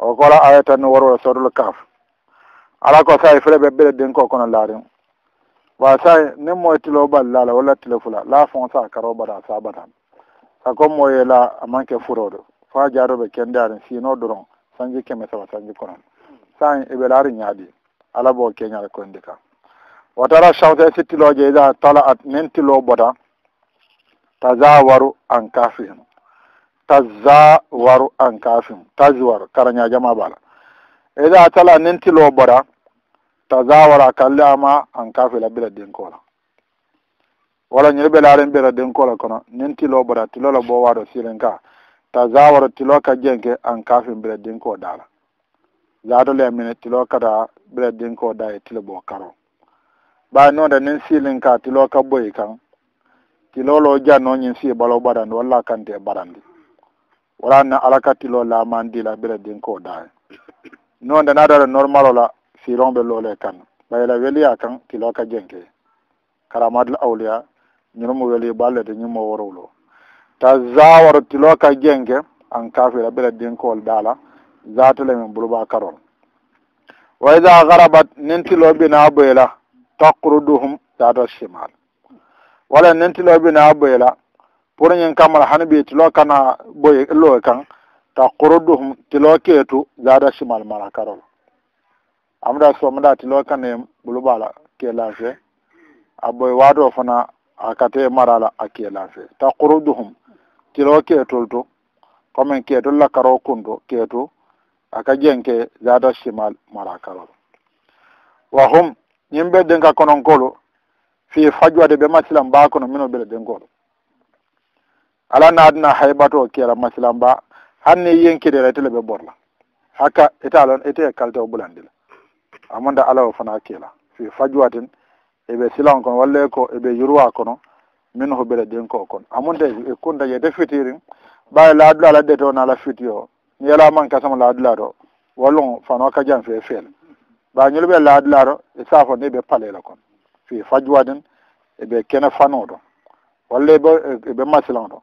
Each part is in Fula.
o voilà awe tan no worwo sodle kaf ala ko saye freɓe ɓeɗe ɗin ko kono laarin wa saye nem moye tilo ɓalle laala walla tile fula la fon sa karo baɗa sa baɗan sa comme moye la a manque furoɗo fa jaroɓe kendari sino doron sanji keme sawa sanji konon sae eɓe laari ñaaɗi ala bo keñal kondi ka watara chance si tilojeyda tala a nen tilo boɗa ta ja waru en kafi hen tazza waru an kafim tazi war karañajama bala eda tala nentilo bora tazza wara kalli ama an kafila bila denkola wala ñiri ɓe laren ɓera denkola kono nentilo bora tilola bo waɗo silen ka tazza waro tilo ka jenke an kafim ɓira denko dala zatoleya mine tilo kata ɓira denko da e tilo bo karo ɓay noda nen silin ka tilo ka boyi kan tilolo janno ñin si ɓalo ɓaɗandi walla kante ɓaɗandi wuranna alakatilo lamandila ɓire din ko da hen non de naɗare normal ola fironɓe loole kan ɓayla weliya kan tiloka jenke karamadel aulia ñunumo weli ɓalle de ñummo worowlo ta zawaro tiloka jenke an kafira ɓire din kool dala zatele min bulba karol wa ida garabat nin tilo bina boyla takruduhum data chimal walla nin tilo bina boyla poroñen kamala hano ɓiye tilo kana ɓoye loye kan ta korodu hum tilo keetu zada simal mala karol amda somda tilo kane bulubala ke lafe a ɓoye wato fana a kate marala a ke lafe ta korodu hum tilo keetol to comme en keetol la karo kundo keetu aka jenke zada simal mala karol wa hum ñimɓe denka kononkolo fi fajwade ɓe masilan mbakono mino ɓele denkolo alanna adna haybato kera masilan ba hanni yenkide rete le ɓe borla hakka ita lon ite kalte o ɓulandi la amanda ala o fana kela fi fajwa ten eɓe silan kono walla ko eɓe yurwa kono min hoɓire denko kono amunde kunta yede fitirin ɓawi laadula ladde to nala fiti o ni yalaman kasama laadula to wallu fano kajan fe feele ɓa ñulɓe laadula to e safo ni ɓe palela kono fi fajwa ten eɓe kene fano to walla ɓe masilan to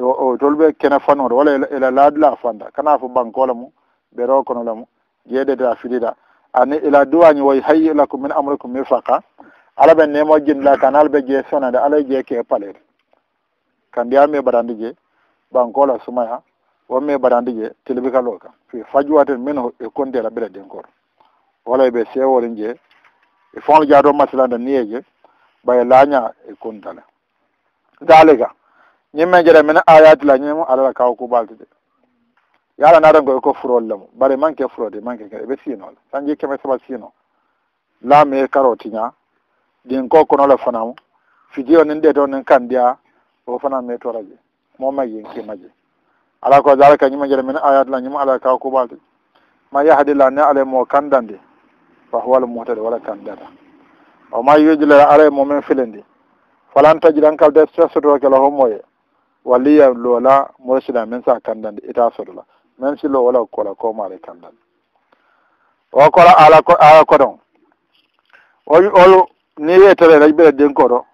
o tolu ɓe kene fanode walla ela laadula fanda kana fo bankola mu ɓero kono la mu jeeɗedea filida ani ela duwañi woy hay la ko min amre ko mi faqa ala ɓe nemo jinla kan ala ɓe jee sonade ala jee ke palede kandiya mi ɓaɗandi je bankola sumaya wonmi ɓaɗandi je telebikalo kam fi fajuwaten min e kontela ɓeɗa denkor walla ɓe sewolin je e fonlo jaato masalanda niye je ɓaye laaña e kontala daalega ñimmen jere mine ayatila ñimmu alala kaw kubalti de yaala naatan koy ko e furol lemu bare manque furode manque ke eɓe siinole sanji keme saba siino laami e karo tiña ɗin ko konole fanam fidio nin ɗe toon nin kanndiya o fanam mi toraje mo mayyin kimaje ala ko dalaka ñimmen jere mine ayatila ñimmu alala kaw kubalti de ma yahadilla ni ala e mo kandandi fahwal mutade wala kandata o ma yujilala ala e mumin filindi falan tajiɗan kalde sesotokelo homoye walliya loola morosila men sa kandandi état sodola même si lo wola kola komaale kandandi o kola ala ala kodon oy ol ni yetere ra yiɓere denkoɗo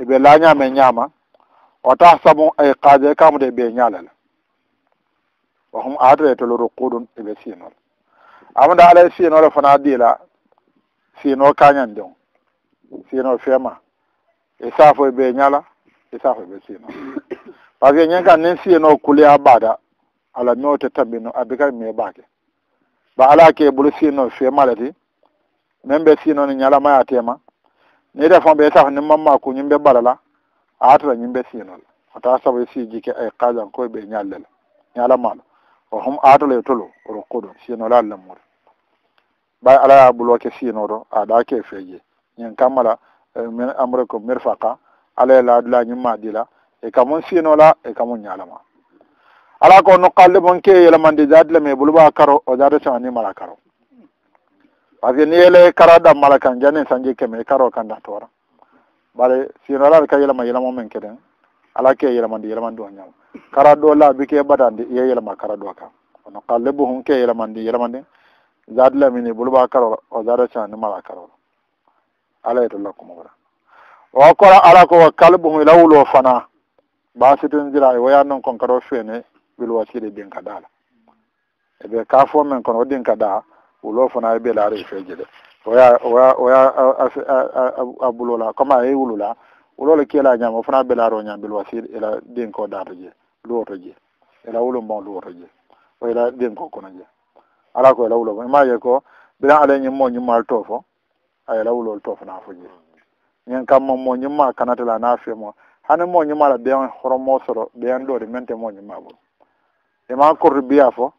eɓe laañame ñaama o taa sabu ay e, kaaje kamude ɓe ñaalala o hum aatere to loru kuɗum eɓe siinol amada alay siinole fana diila siino kañan ndeng siino fema e saafo ɓe ñala isafe ɓe sino par ce que ñen ka nen siyeno kule a ɓaada ala mewte tambino abi kay mi ɓaake ba ala ke ɓolo siyeno fiemalati min ɓe siino ni ñalamaya tema ni de fon ɓe saf ni mamma ku ñimɓe ɓalala a atata ñimɓe siinol ata sabu e si jike ay kajankoy ɓe ñallela ñalamalo o hom atala e tolo oro kodo siinola a lemmude ɓay alaya ɓuloke siinoto aɗa ke feje ñin kammala eh, min amre ko mirfaka ala e laadila ñimma dila e kamon siinola e kamon ñaalama ala ko nokkalle mon ke yelamande jaadila ma boluba karo o jaade sewani mala karo par ce que ni yele karaɗam mala kan jani sanji keme e karo kanda toora bare siinola ka yelama yelama men keɗen ala ke yelamande yelamande o ñama karaɗo laabi ke ɓaɗande ye yelama karaɗo kam o nokkalle bo hon ke yelamande yelamande jaadila mini boluba karo o jaade sewani mala karola ala yeto lakkumo wara o hakkora ala ko wakkal ɓum lawlo fana ba sitondira e woya noon kon kata o fene bil wasiri ɗin ka dala e ɓe kafo men kono o ɗin ka da wulo fana e ɓe laare feji ɗe oya oya oya abulola comme a ye wulula wulole kiela ñam o fana ɓe laare o ñam bil wasiri ela ɗin ko dato je luwoto je ela wulum bon luwoto je o ela ɗin ko kono je ala ko ela wulo bon ima ye ko ɓiran alay ñimmo ñimmal to fo a ela wulol to fana fo je ñen kam mo moñuma kanata la na fe mo hane moñuma la ben horo mo soro ben dori mente moñuma bu e ma kor biya fo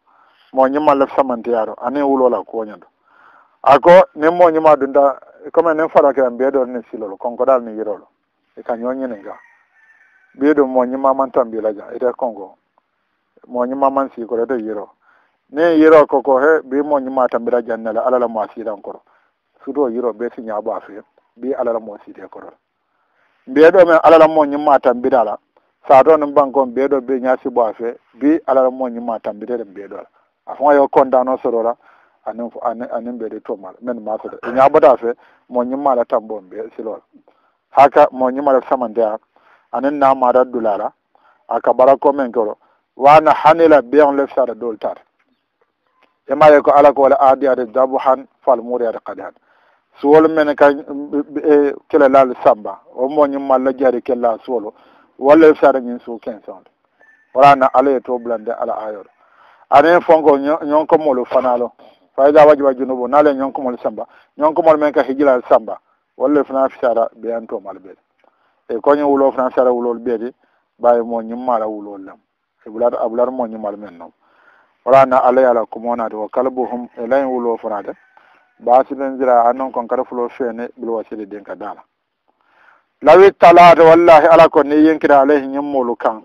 moñuma la samantiyaro ane wulo la ko ñando ako ne moñuma dunda comme e ne fara ke ambe do ne silolo konko dal ni yirolo e ka ñoñi ne ga biedo moñuma man tambi la ja ida e kongo moñuma man si ko do yiro ne yiro koko he bi moñuma tambi la jannala alala mo asiran koro sudo yiro be si nyaaba fe mbi alalamo siide korol mbiyeɗo men alalamo ñimma tambinala saato nin bangon mbiyeɗo mbi ñasibo a fe mbi alalamo ñimma tambitede mbiyeɗola a fonga yo condano sorola anin anin mbiyede tumal min makoto e ñaɓota fe mo ñimmala tambo mbiye silola haka mo ñimmala samandeya anin namata dulala a kabara komen koro wana hanila biyan lefsada dol tata ema ye ko ala ko wala adiyade dabu han falmuriyade qadi hade suwolo mene ka e kelelaali samba o moñummalla jari kella suwolo walla sarañin suu kensonde warana ala ye to blande ala ayoro anen fonko ñonkomolu fanalo fayda waji wajunubu naale ñonkomolu samba ñonkomolu men ka hijilal samba walla fana fisara ɓeyantomal ɓeede ey koñe wulo fana fisara wulol ɓeede mbawi mo ñummala wulol lam ebulat abulat mo ñumal men noon warana ala yala ko monade o kalbuhum e layin wulo fanade basilodira an noon kon kara fulo feene ɓilo wasili den ka daala lawi talaata wallahi ala ko ni yenkira alayhi ñimmolu kan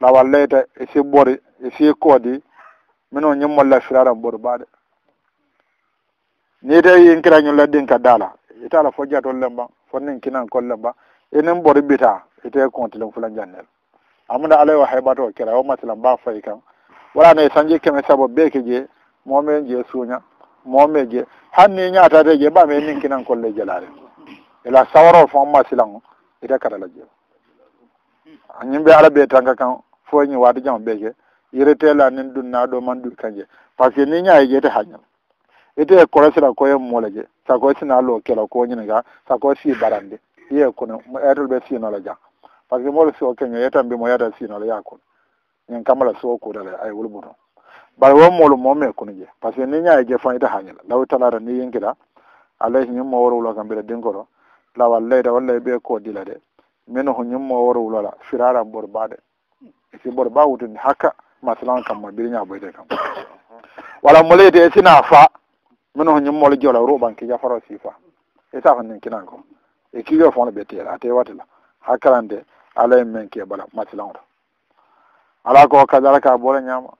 lawallayta e si ɓori e si koodi min o ñimmolla firaran ɓori mbaɗe ni tawi yenkira ñolla ɗin ka daala itaala fojja to lemba fonnin kinan kon lemba enin ɓori ɓita ite kontilen fula jannel amuda alay o haybatoo kira o masilan mba fayi kan walano e sañji keme sabo beeke je momin je suuña momme je hanni ñatade je ɓame min kinan kolle jelare ila sawarol fo ma silan o ita karala jeel añin ɓe ala ɓe tanka kan foñi wade jama ɓeke yiritela nin ɗum na ɗo man ɗuɗ kanje par ce que ni ñaye je ite haññal ite kole sira koye muule je sako sina lo kelo ko ñiniga sako si barande ye kono eytol ɓe sinola jang par ce que moolo si o keño yetan bimo yeta sinola ya kono ñin kamala siwo kuudala ay wulbuton bay wo moolu moome kunu je par ce que ni ñaye je fon ita hañila lawi talata ni yinkila alay ñum mo woro wulo kam mbiɗa dinkoro lawa leyde walla ɓe ko dila de min ho ñum mo woro wulola firaram ɓor baɗe si ɓor ba wutude hakka masalan kamma biriña ɓoyde kam walla mo leyde e sina fa min ho ñum molo jola ruɓan ki jafaro si fa e sa honnin kinan ko e kiwe fon ɓe teela a tewati la hakkarande alay men ke bala masalan to ala ko kadaraka bole ñama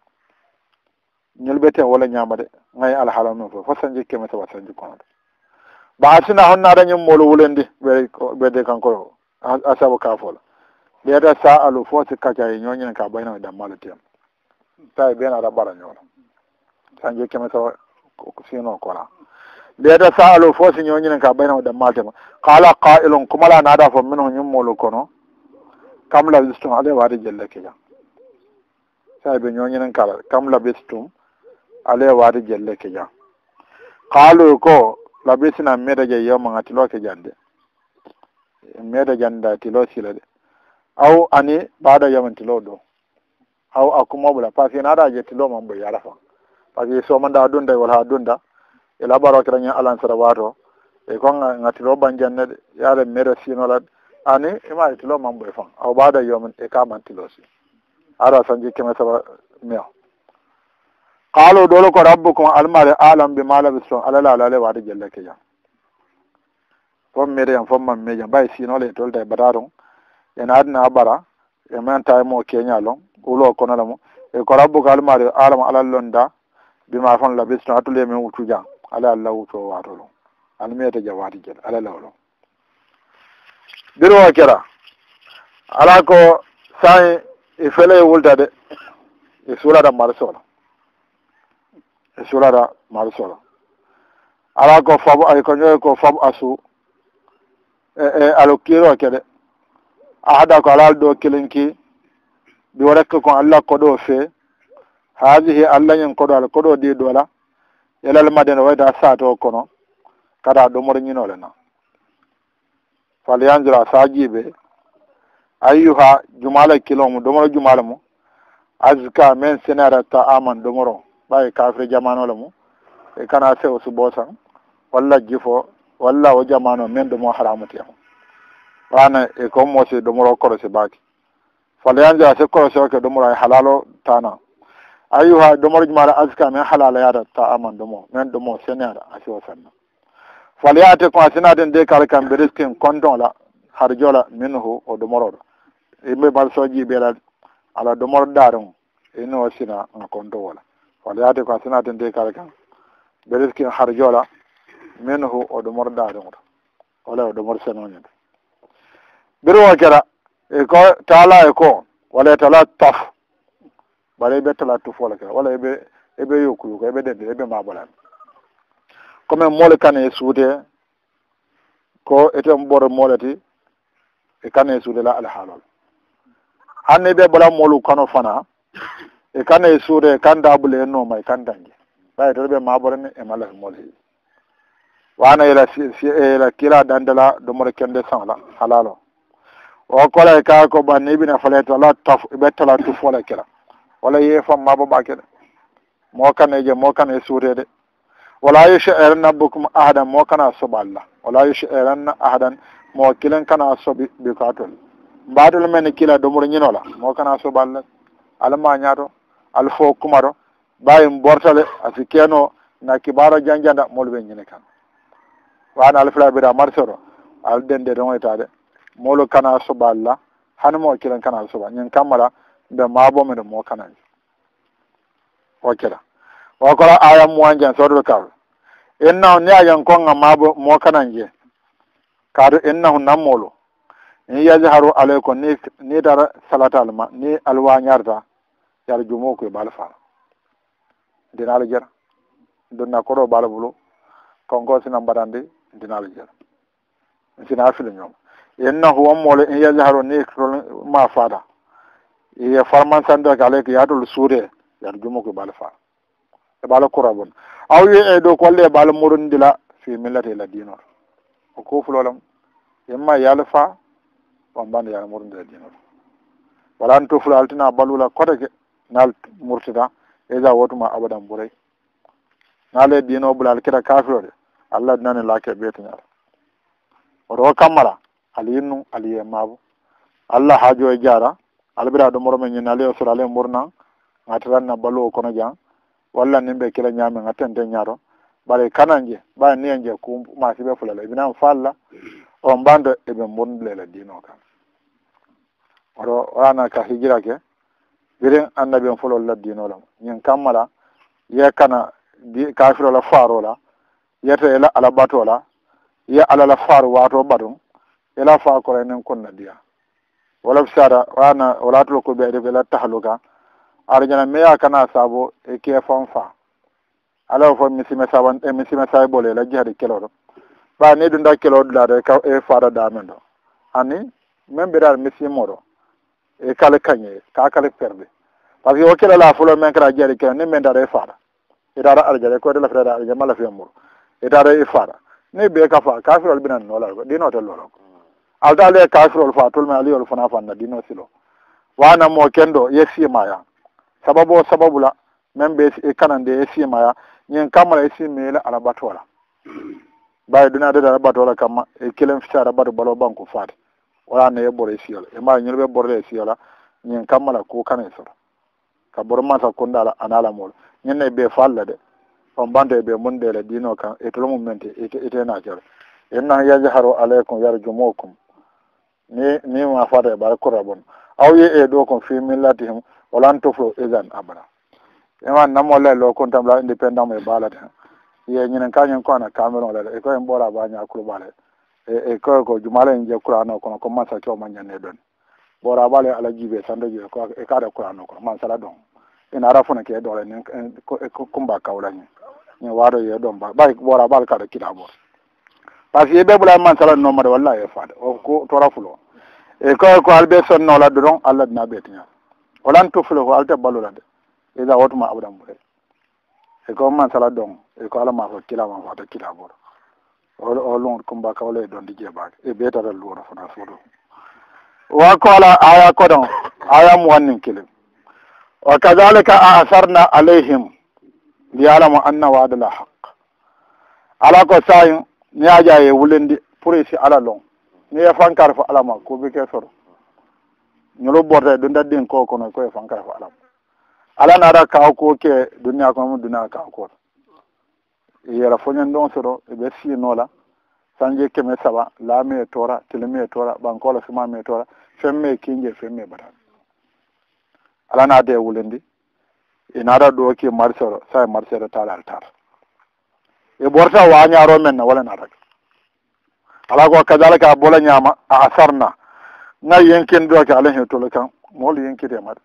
ñolɓeten wola ñamade gay alhaala num fo fo sañdji keme saba sañdji konoɗe ɓaasina honno aɗa ñom molo wulendi ɓeede kanko a sabo kafoola ɓeeta sa alu fo si kaca e ñoñene ka ɓaynano dammalo tiyam tawi ɓeen aɗa ɓara ñoola sañdji keme saba sino kola ɓeeta sa alu fo si ñoñene ka ɓaynano dammalo tiyam kala qailum kumala naada fo min ho ñum molo kono kam labistum aɗa waade jelle keja tawi e ɓe ñoñinen kala kam labistum alaye waade jelle kejan kaalo ko labisina meda je yewmaga tilo kejande meda janda tilo sila de aw ani ɓaɗo yewman tilo ɗo aw akkumoɓula par ce que naɗa je tilo man ɓo yarafa par ce que somanda adunda wala adunda e labaro kiraña alansara wato e konga ga tilo banjanne de yaade meda sinola ani imaɗe e tilo man ɓoy e fan aw ɓaɗo yewman e kaman tilo si aɗa sanji keme saba mil qaalo ɗolo ko rabbukum almare alam bi malabistom alala alale wade jellake jam fom mire jam fom mamme jam mbay sinole tolta e bata tun en adina abara e menta mo keña lon wulo konola mo e ko rabbuka almare alam alal londa bima fon labistom hattule min wutu jam ala alla wuto watolon almiyete jam wadi jel alalawlo biro kera ala ko sa i felee wultade e suuraɗa marsola e solara maɗo sola ala ko fabu ay koño ko fabu asu ee e, alo kiro keɗe a haɗa ko alaal ɗo kelenki ɗo rekka kon allah koɗo fee haadihi allah ñen koɗo ala koɗo ɗi ɗo ala yalal e made no wayda sato kono kada ɗomorñinole na falyangira sajiɓe ayyuha jumala kilomu ɗomoro jumala mu azka men senara ta aman ɗomoron ɓawi kafre jamanole mum e kana sewo subo tan walla jifo walla o jamano men ɗo mo haramati am ɓana e kon mosi ɗomoro korose baki falayanja se korose oke ɗomoro e halalo tana ayiha ɗomoroji maɗa aska men halala yada ta aman ɗomo men ɗomo seneada asiwo senna falayate kon a senaden de kala kam ɓe riskin contonla har jola minhu o ɗomororo yimɓe mbal sojiɓeɗa ala ɗomoro ɗaremu ino sina a contowola walla yaade ko hasanaten de kal kan ɓe riskin har joola min hu o ɗumorɗaade ngoto wala o ɗumor senoñede ɓiru o kera e ko taala e ko walla e tala tof bala eɓe tala tufola kera walla eɓe eɓe yokkuyuko eɓe ɗenɗe eɓe maɓolan comme mole kane e suude ko eten ɓor molati e kane e suude la alhaalol hanne ɓe ɓolan molu kano fana e kane e suure e kan daɓule en nooma e kan dañde ɓay to ɓe maborene e malahe mole hi wana ela ela kila dandela domore kende sangla halalo o kola e kaa ko ɓa nibina fale to ala taf e ɓettala tufola kila wala ye fam mabaɓakeɗe mo kane je mo kane e suurede wala yusha eranna bokum ahadan mo kana soɓa allah wala yusha eranna ahadan mo kilen kana soɓi bikatol mbatol men e kila domore ñinola mo kana soɓa allah alama ñaato alfo kumaro bawin bortale asi keno na kibaro janjanda moluɓe ñine kan wano alfilabira marsero al dende rewoytade molu kana soɓa alla hanimo kilen kana soɓa ñin kammala ɓe mabomede mo kanaji o kira o kora aya muwanjen sodoɓe kaɓe innahu ni ayen konga mabo mo kananje kaato innahu nammolu in yajharu alaykum ni ni tara salatalma ni alwañarta yo allah jomowo koye baalo faama denaalo jara donna koɗo baalo bolo kanko sina mbaɗande denaalo jara sina fila ñooma innahu ammole in yajharo nikrol e ma faada ye farmansande ka alay ko yaadolo suure yo e allah jomowo koye baalo faama e baalo kura bon aw yo e dow ko walle e baalo moronndi la fi millata e ladinol o kofulolam imma yaalo faa wambande yaalo moronndi e ladinol walanto fula altina balula kotake ngal murtita déjà e wotuma abadan ɓuuray naale dino ɓulal kita kafirode allah dinani lake ɓeytañal oto kammara ali yinnu ali ye mabo allah haajo e jaara alaɓira ɗo moro men ñin ali o sor ala murna gatitanna balu o kono jan walla nin ɓe kila ñaami gatten ten ñaato bare kanan je ɓaya niyen je kum masiɓe fulala ebinan falla on mbanto eɓe murdilela dino kan oto oana ka hijira ke biren annabien folol laddinolam ñin kammala ye kana di kafirola farola yeta ela ala ɓatola ye ala la faru wato ɓatum ela fakola nen konna diya wala fisara wana walatolo ko ɓeyde ɓela tahluka ara ñana meya kana sabo e ke fan fa ala fo misime saban e misime sabe ɓole ela jihade keloɗo ɓa ni ɗum da keloɗulade ka e fada damen ɗo anni min ɓirar misimoɗo e kala kañe ka kala perde par ce que o keɗa la fulo men kata jeere kene ni men dara e faara e tata arajade koyde lafetade arajade ma lafiya muro e tata e faara e ni ɓe ka fa kafirol ɓinan nola ko ɗinote lolo alta ale kafirol fa tul men aliyol fana fanna ɗino silo wanamo kendo ye simaya sababu o sababu la men ɓe e kanande e simaya ñin kammala e simmiile ala batola mbawi ɗuna de ara batola kamma e kilen fisa ara batu balo banku faati wala neye ɓoro e siyola e mbawi ñolɓe ɓorle e siyola ñin kammala ku kane soro ka boro mansa kondala analamolo ñinne ɓe falla de on banto e ɓe mondele dino kan etolo mum mente ete e nacere innan yajharu alaykum yarjumukum ni ni ma fata e ɓare kurra bon aw yi e ɗo kom fi millatihim walan toflo isan abada ima e namolla e lo kontam la indépendant mo e baalate ye ñinen kañin kona cameron lele e ko en ɓora baña kulo ɓalee E, e ko ko jumalen je kurano kono ko mansa coo ma ñannee ɗon ɓora ɓale ala jiiɓe sando jiɓe e kaare kurano kono mansala ɗon ina rafuna ke ɗole ni kumba kawlañi ñi waado ye ɗon ba ɓay ɓora ɓal kaɗa kiɗa ɓor par ce que ɓe ɓulaye mansala nomade walla e faade o to rafulo e ko ko alɓe sonnoladde ɗon allah dina ɓeetiñal holan tufle ko alte ballulade ida wotuma abdan ɓure e ko e mansala ɗon e ko alamafo kilama fata kiɗa ɓor o lungol kumba kawle e donde jeebake e ɓeytatal luwoto fota footo wa kola aya kodon aya mo wannin kile wa kadalika a asarna alayhim liyalamo anna waada la haq ala ko sayin ni aja ye wulendi pour si ala long ni ye fankar fo alama kuɓi ke soro ñolu borta ɗum e daddin ko kono koye fankar fo alama ala naata kaw ko ke duniya kono mo duniya kaw kota yera foñen ɗon soɗo eɓe siinoola sañje keme saba laami e toora telemi e toora ɓankolo simami e toora femme e kinje femme e batan alanaade e wulendi inaɗa ɗooki marcére sa e marcére e taala al tar e ɓorta wañaro men ne walanaatak ala ko kadalika a bola ñaama a asarna na yenkindoke alahe tolo kan moolu yenkite mat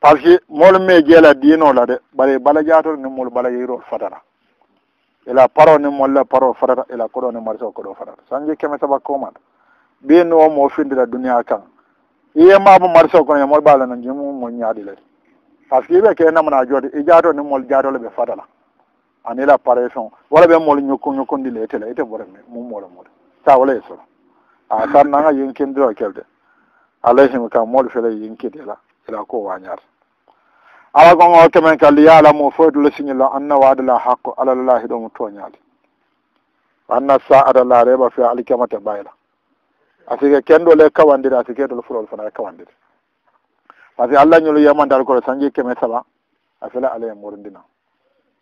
par ce que moolu me jeela diinoo la de bare balajaatoro ni moolu balajeyrool fadara ela paro ni molla paro farata ela koɗo ni marsa o koɗo farata sanji keme saba komata ɓinni o mo findira duniya kan yiyemaba marsa o kono yemol ɓala no jimu mo ñaaɗi lay par ce que yiɓe ke namana jooɗi i jaato ni mol jaatole ɓe fadala anila parefon wala ɓe mol ñukku ñukkundi le tele ite bore mummole mole sa wala e solo a sannanga yinkindiro kelde alayhimi kam mol fele yinkidi ela ela ko wañata ala gon o kemen ka li yalamu foydulo signilo anna waadala hakko alalalahi ɗo mo tooñaali anna sa adala reɓa fi alkemate ɓayla asike kenɗo le kawandiri asike ɗol furol fana e kawandiri par ce que allah ñolu yemandal koto sanji keme saba a fela alaye morndina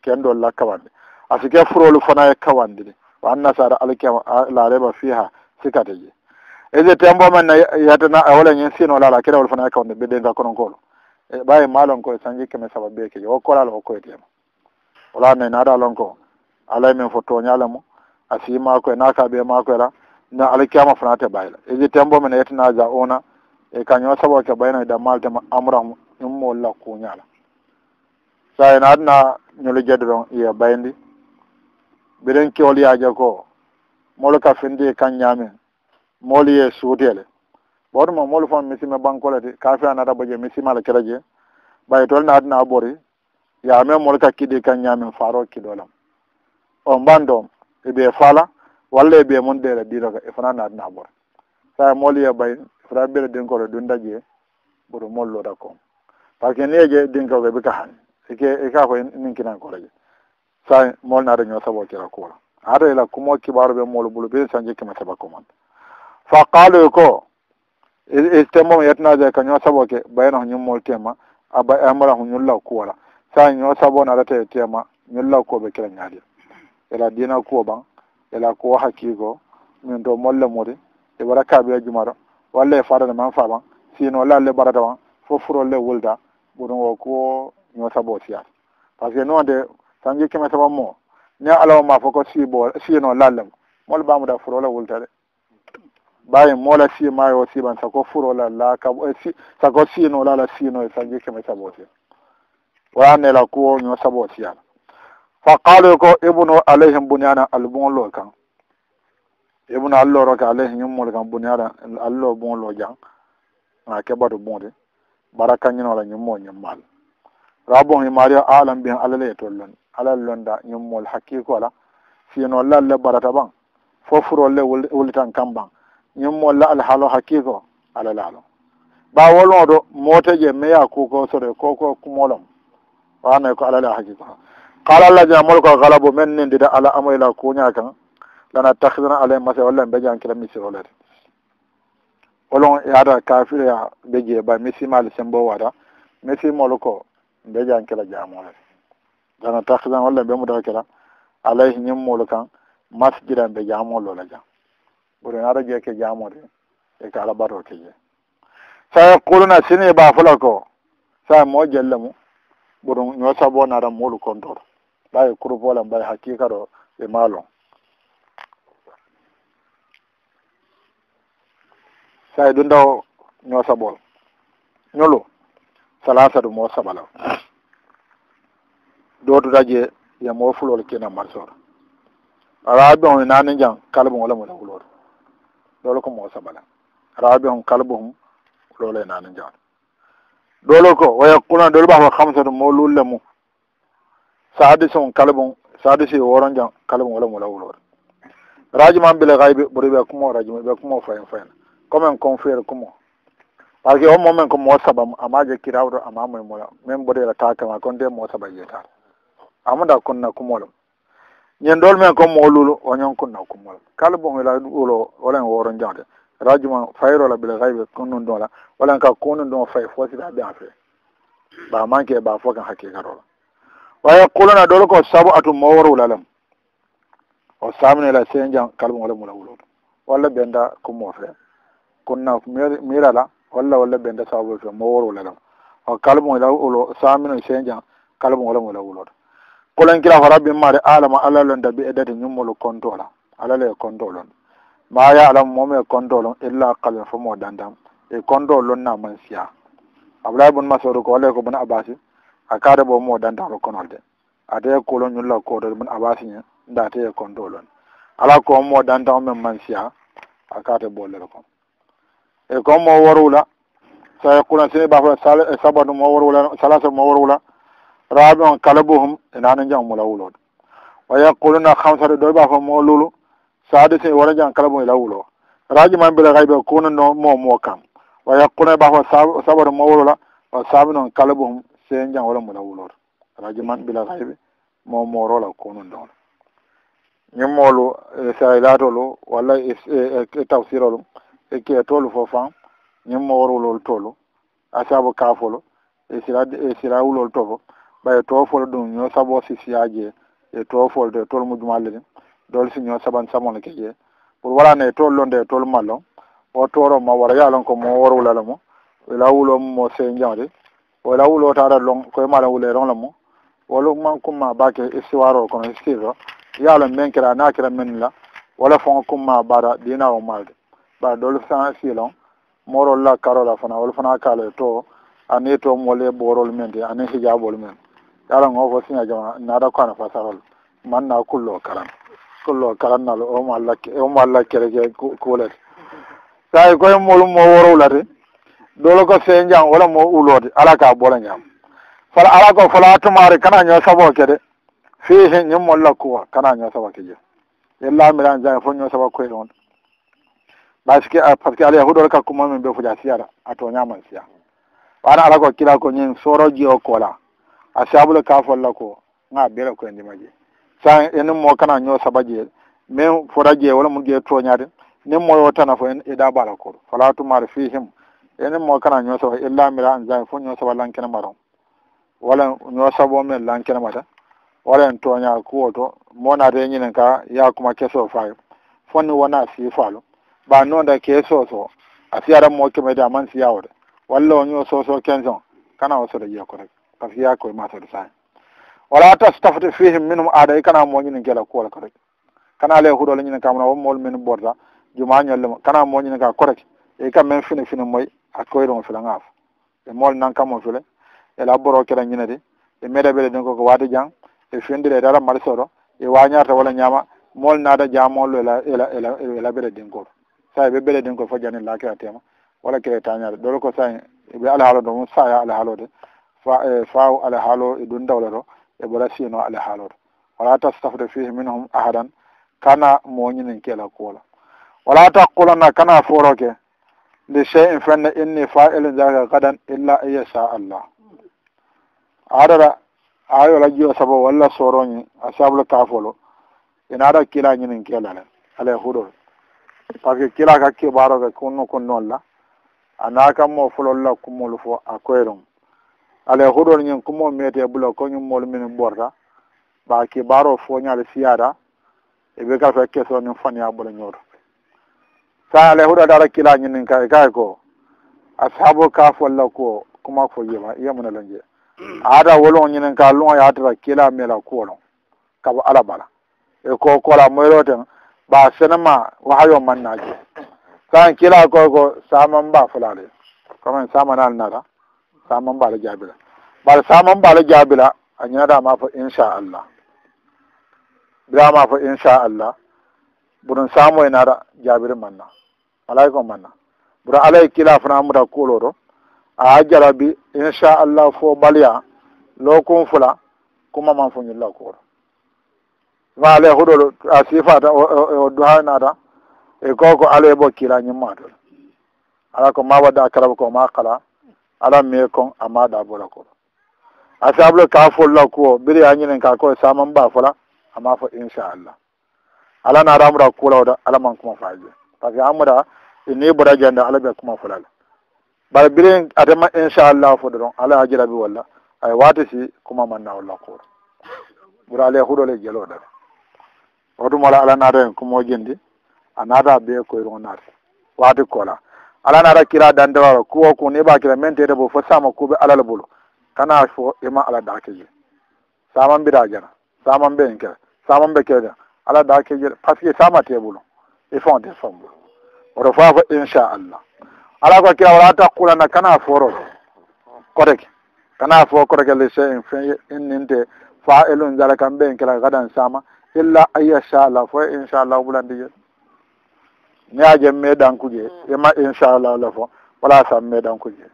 kenɗol la kawandi asike furolu fana e kawandiri anna sa ada alkema la reɓa fiha sikateji ese tembo men na yetana a wole ñin sinolala kedewol fana e kawandi ɓiɗɗinta kononkolo Eh, baye malon ko sanji ke me sababe ke o kola lo ko etema wala ne nada lon ko alay men fo tonyala mo afi ma ko na ka be ma ko ra na alikama fanate bayla e tembo men etna za ona e kanyo sabo ke bayna da malta ma amra mo nyum mo la ko nyala sai na adna nyolo jedro ye bayndi biren ke oli aja ko molo ka finde kan nyame moli ye sudele ɓornmo molfon mi simme bankolete ka fiya naɗaɓo je mi simala keɗa je ɓay tolna adna ɓori ya min mol ka kiɗi kan ñamin faro kiɗolam o mbandom eɓe fala walla eɓe mon ɗere ɗiroka e fana naadna ɓor sa molye ɓay e fra ɓere dinkolo ɗunda e je ɓuuru molloɗa kon par ce que nie je dinkoko ɓe ka e han eke eka ko ninkinankolo je sa molnaɗa ño sabo kira kuura aɗa ila kumo kiɓaro ɓe molo ɓulu ɓe sañje kima saba kumon fa qaaloy ko E, e temmomo yettanade ka ño sabo ke bayino ko ñummol tema a bay amara ko ñullaw kuwola sa ño sabo no arate tema ñullaw kuwoɓe kereñadi ela dina kuwo ɓan ela kuwo hakkiko min to molle muri e ɓara kaɓe jumata walla e fatane man fa ɓan sino lalle ɓarata ɓan foof furolle wulda ɓurun o kuwo ño sabo siyata par ce que noonde tan jikkime sabanmo ni alawma fo ko sibo sino lalle mo molle ɓamuda furole wultade ɓawi moola sima yo siman sago furola laka e sago sino lala sino e sanji keme sabo siyan wala nela kuwo ño sabo siyan fa qalo ko ibnu alayhim buniyana albunlo kan ibnu alloro ka alayhi ñummol kan buniyana allo bunlo jan a keɓatu bunde bara kañinola ñummo ñummal rabon imari alam bihan alala e tollon alal londa ñummol hakkiko ala sinollalle barata ban fo furolle wulitan kam ban ñommolla alhaalo hakkiko alalaalo ɓawolmo ɗo mooteje meya kuko sore koko kumolom wanay ko alala hakkiko qalallah jamol ko galabo men nindida ala amoyla kuña kan lana taxsina alay mase walla mbeƴankira misirolete olon yaata kafireya mbeje ba misimali sembo wata misimol ko mbeƴankira jamolete lana taxsina walla mbemudakira alay ñimmol kan masjida mbe jamollola jang ɓuri naɗa jeeke jamode e kala baɗo keje sa yaquluna sini e ba fula ko sa mo jelle mu ɓuri ñosabo naɗa muɗu contoto ɓaye kurufolen ɓaye hakkika ɗo ɓe maalon saye ɗundaw ñosabol ñolu salasa ɗu mo saɓala dotudaje yemo fulol kina marsoto ala ɗon nani jang kalaɓe ngolemune fulotu lolo ko e moo saɓanan raɓe hum kala bohum lolo e nane jaan ɗolo ko o yakkuna ɗolo ɓaa ko kamsoto mo lulle mum sadisi mum kala bum sadisi woron jan kala bum wala mula wulore radio man bile kayɓe ɓuri ɓe kumo radio mu ɓe kumo fayen fayen commen confiere kumo par ce que on momen ko mo saɓa mu ama jekkirawto ama moye mula min ɓuriyla tatema kon de mo saɓa yiyetare amuda kunna kumolum ñen ɗol men comme moolulu o ñonkunna kummol kala bon ila ɗuulo olen wooro jaade radio ma fayrola ɓile kayɓe konnun dola olen ka konnun ɗon fay fosiraɓe a fee ɓa manque e ɓa fo kan hakkikatola wa yakkuluna ɗol ko sabu atum mowor wulalem o saminila sejan kala bon ole mula wuloto walla ɓenda kummo fee kunna mirala walla walla ɓenda sababu fe mowor wulalem o kala bon ila wulo samino sejan kala bon ole mula wuloto kolonkila ko rabbi mare alama alalon dabi edade ñummolu kontola alala e kontolon ma ya alamu mom e kontolon illa kalen fomo dandam e kontol lon na man siya abdulahi bun masadu ko walla ko bun abasi a kade bo mo dandam ro konolde ade kolo ñulla kodode bun abasi ñe ndate e kontolon ala ko mo dandam men man siya a kate bolle ko e ko mo worwula sa e kulan sini bafa e sabadu mo worwula salasa mo worwula raɓon kalabohum enano jang mulawulot wa yaquluna hamsato ɗo ɓa fo molulu sadisi wona jang kalabohum ilawulo e raƴi man bele kayɓe kunano mo mo kam wa yaquluna ɓa fo saboto mowulola wa sabi non kalabohum se jang wala mulawulot raƴi man bele kayɓe mo morola kunandoon ñimmolu e sailatolu walla e, tafsirolu ekeetolu fo fan ñimmorulol tolu asabu kafolu e sira sirawulol to fo ɓaye toofol ɗum ño sabo sisiyaje e toofol de tol mujumalle ɗin dol si ño saban samono e keƴe pour walano e tol lon de e tol mallo o tooro ma wara yaalon ko mo worwulala mo wela wulo mo seejamde wela wulo taɗa lon koye mala wule ronla mo wala man kumma bake istiwaro kono histirro yaalon men kira nakira men la wala fono kumma baɗa dinawo malde ɓa dol sansilon morolla karola fana wala fana kala e to ani to mole ɓorol men de ani hijabol men kala ngo fo sina jamana nada kone fasarol manna kullo karan kullo karan nal oma lakke oma lakkere ke kuulete sai koye molumo worowlate dolo ko seedjam wala mo ulode ala ka ɓoola ñam fala ala ko fala tumari kana ño saboke de fihi ñim mo lakkuwa kana ño saboke je yellamiran jange fo ño sabo koye ɗon par ce que par ce que alayahuɗo kakkumamin ɓe fuja siyata a toñaman siya wana ala ko kila ko ñin soro jiyo koola a sabule kafolla ko ga bira koyndi ma je sa enin mo kana ño saba je min fota je wala mun je toñaten nin mo yotana fo en eɗa bala koro fala tumar fihim enin mo kana ño saba illa mira an zami fo ño saba lankene mbaton wala ño sabo men lankene mbata wala en toña kuwo to monate ñinen ka yakuma keso fayo fonni wona fi falo ba nonda keso so a fiyatan mo kemede aman siyawota walla o ño soso kenson kana o soto jeko rek par ce que yaakoye matode sañ wala tastafate fihim minum aada i e kana moñini gela kuwola koreke kana ale huɗole ñini kamna wo mool min borta juma ñollema kana moñini ka koreke e kam men fini fini moy a koyrimo filangaaf e mool nankanmo file ela boro kere ñinati e meɗeɓele ɗin koko waade jang e findire tata malsoto e, e wañarta walla ñama mool naada jamollo ela ela ela ela ɓeɗe ɗinkoto saye ɓe ɓeɗe ɗinko fo janin lakira tema walla kere tañade ɗole ko sa ɓe alahaalo do mum saya alahaalode faw e, ala haalo e ɗum dawloto e ɓora fiyeno ala haaloto wala tastafde fihi minhum ahadan kana moñinen kela kuwola wala taqulanna kana foroke nde cheyin fenne inni fa'ilun dalika gadan illa an yasha allah aɗaɗa ayola jiwa sabo walla soroñi a sabla kafolo ina aɗa kila ñinin kelale ala huɗo par ce que kila ka kibaroke kunno kunnol la a naakanmo fololla kummol fo a koye ɗum ala huɗon ñin kumo meete bula e koñum mol min ɓorta ɓa kibaro foñade siyata e ɓe gata kesso min fania ɓula ñooto sa ala huɗo dara kilañinin kay e kay ko asabo ka folla ko kuma fo yema yemunelo je mm. aata wolon ñinin ka lungo yatata kila mela kuwolon kabo ala bala e ko kola moyro ten ɓa senema wahayo man naje san kila koy ko saman ba fulale comme samanal nata saman mbaalo jaabila mbaalo saman mbaalo jaabila a ñinadama fo inchallah birama fo inchallah buɗum samoye nara jaabiri manna alay ko manna buɗa alaye kila fana muta kuulo to a jarabi inchallah fo baliya lokun fula kuma man fo ñulla kuuro ma alaye huɗolo a sifata o duha nata e koko alaye bo kila ñimmatol ala ko ma wadda a karaba ko ma kala ala mie kon ama ɗabola koro a sabule ka folla kuwo biri a ñinen ka koye saman ba fola ama fo inchallah ala na aramuda kulao da ala man kuma faje par ce que amuda ini bora janda ala ɓe kuma folala bara biri atema inchallah fo de ɗon ala a jirabi walla ay wati si kuma manna walla kuro ɓura ale huɗole jelo dare o ɗum wala ala nata hen kumo jindi a nata ɓeye koye ɗon naate wati koola alana ara kira dandewaro kuwo ku ni ɓakira mentede bo fo sama kuɓe alal bolo kana fo ima e ala dakeje saman mbiɗa jana saman mbe en kere saman mbe kere ala dakeje par ce que samate bolo i e fon de fam bolo oto fa fo inchallah ala ko kira wala takkulana kana foro koteke kana fo koteke le se en fin in ninte fa elun jara kam mbe en kera gadan sama illa ayyachallah fo inchallah ɓulandije ñaajen meeɗankuje mm. e ma inchallah le fo place am meeɗankuje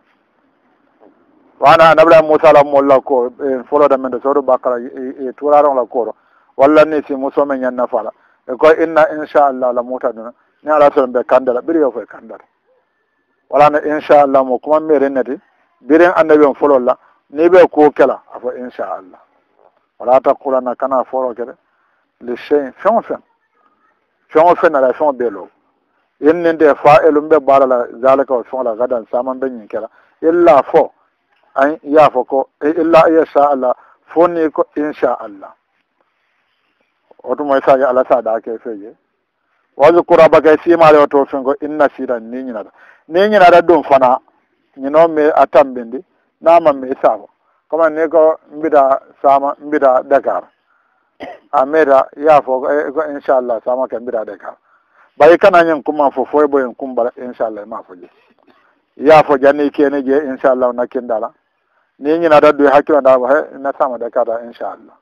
wana nabrahima moussa lammol lakko e folode men de sodo bakara e, e turarong lakkoro walla ni si musome ñen nafala e koye inna inchallah la mutaduna ñala soon ɓe kandata ɓiri yo koye kandata walano inchallah mo kuma mairi neti birin annabi on folol la ni ɓe ko kela afo inchallah wala takkulana kana foro kede le chein fen o fen fen o fen ala fen o ɓeelogo yennende e fa elum ɓe mbaalala zalika o fongla gadan saman ɓe ñin kela illa fo a yaafo ko e illa yasha allah fo ni ko incha allah otumoy sage alah sa ɗake feje wajukura bake simale oto fengo inna sira ni ñinata ni ñinata ɗum fana ñino mi a tambindi nama mi saafo comme ni ko mbita sama mbita dakar a meta yaafo e ko incha allah sama ke mbita dakar ɓayi kana ñen kumma fo fo boyen kumbala inchallah ma foje yaafo janni kene je inchallah nakkindala ni ñina daddu hakkilanda he nasama de kata inchallah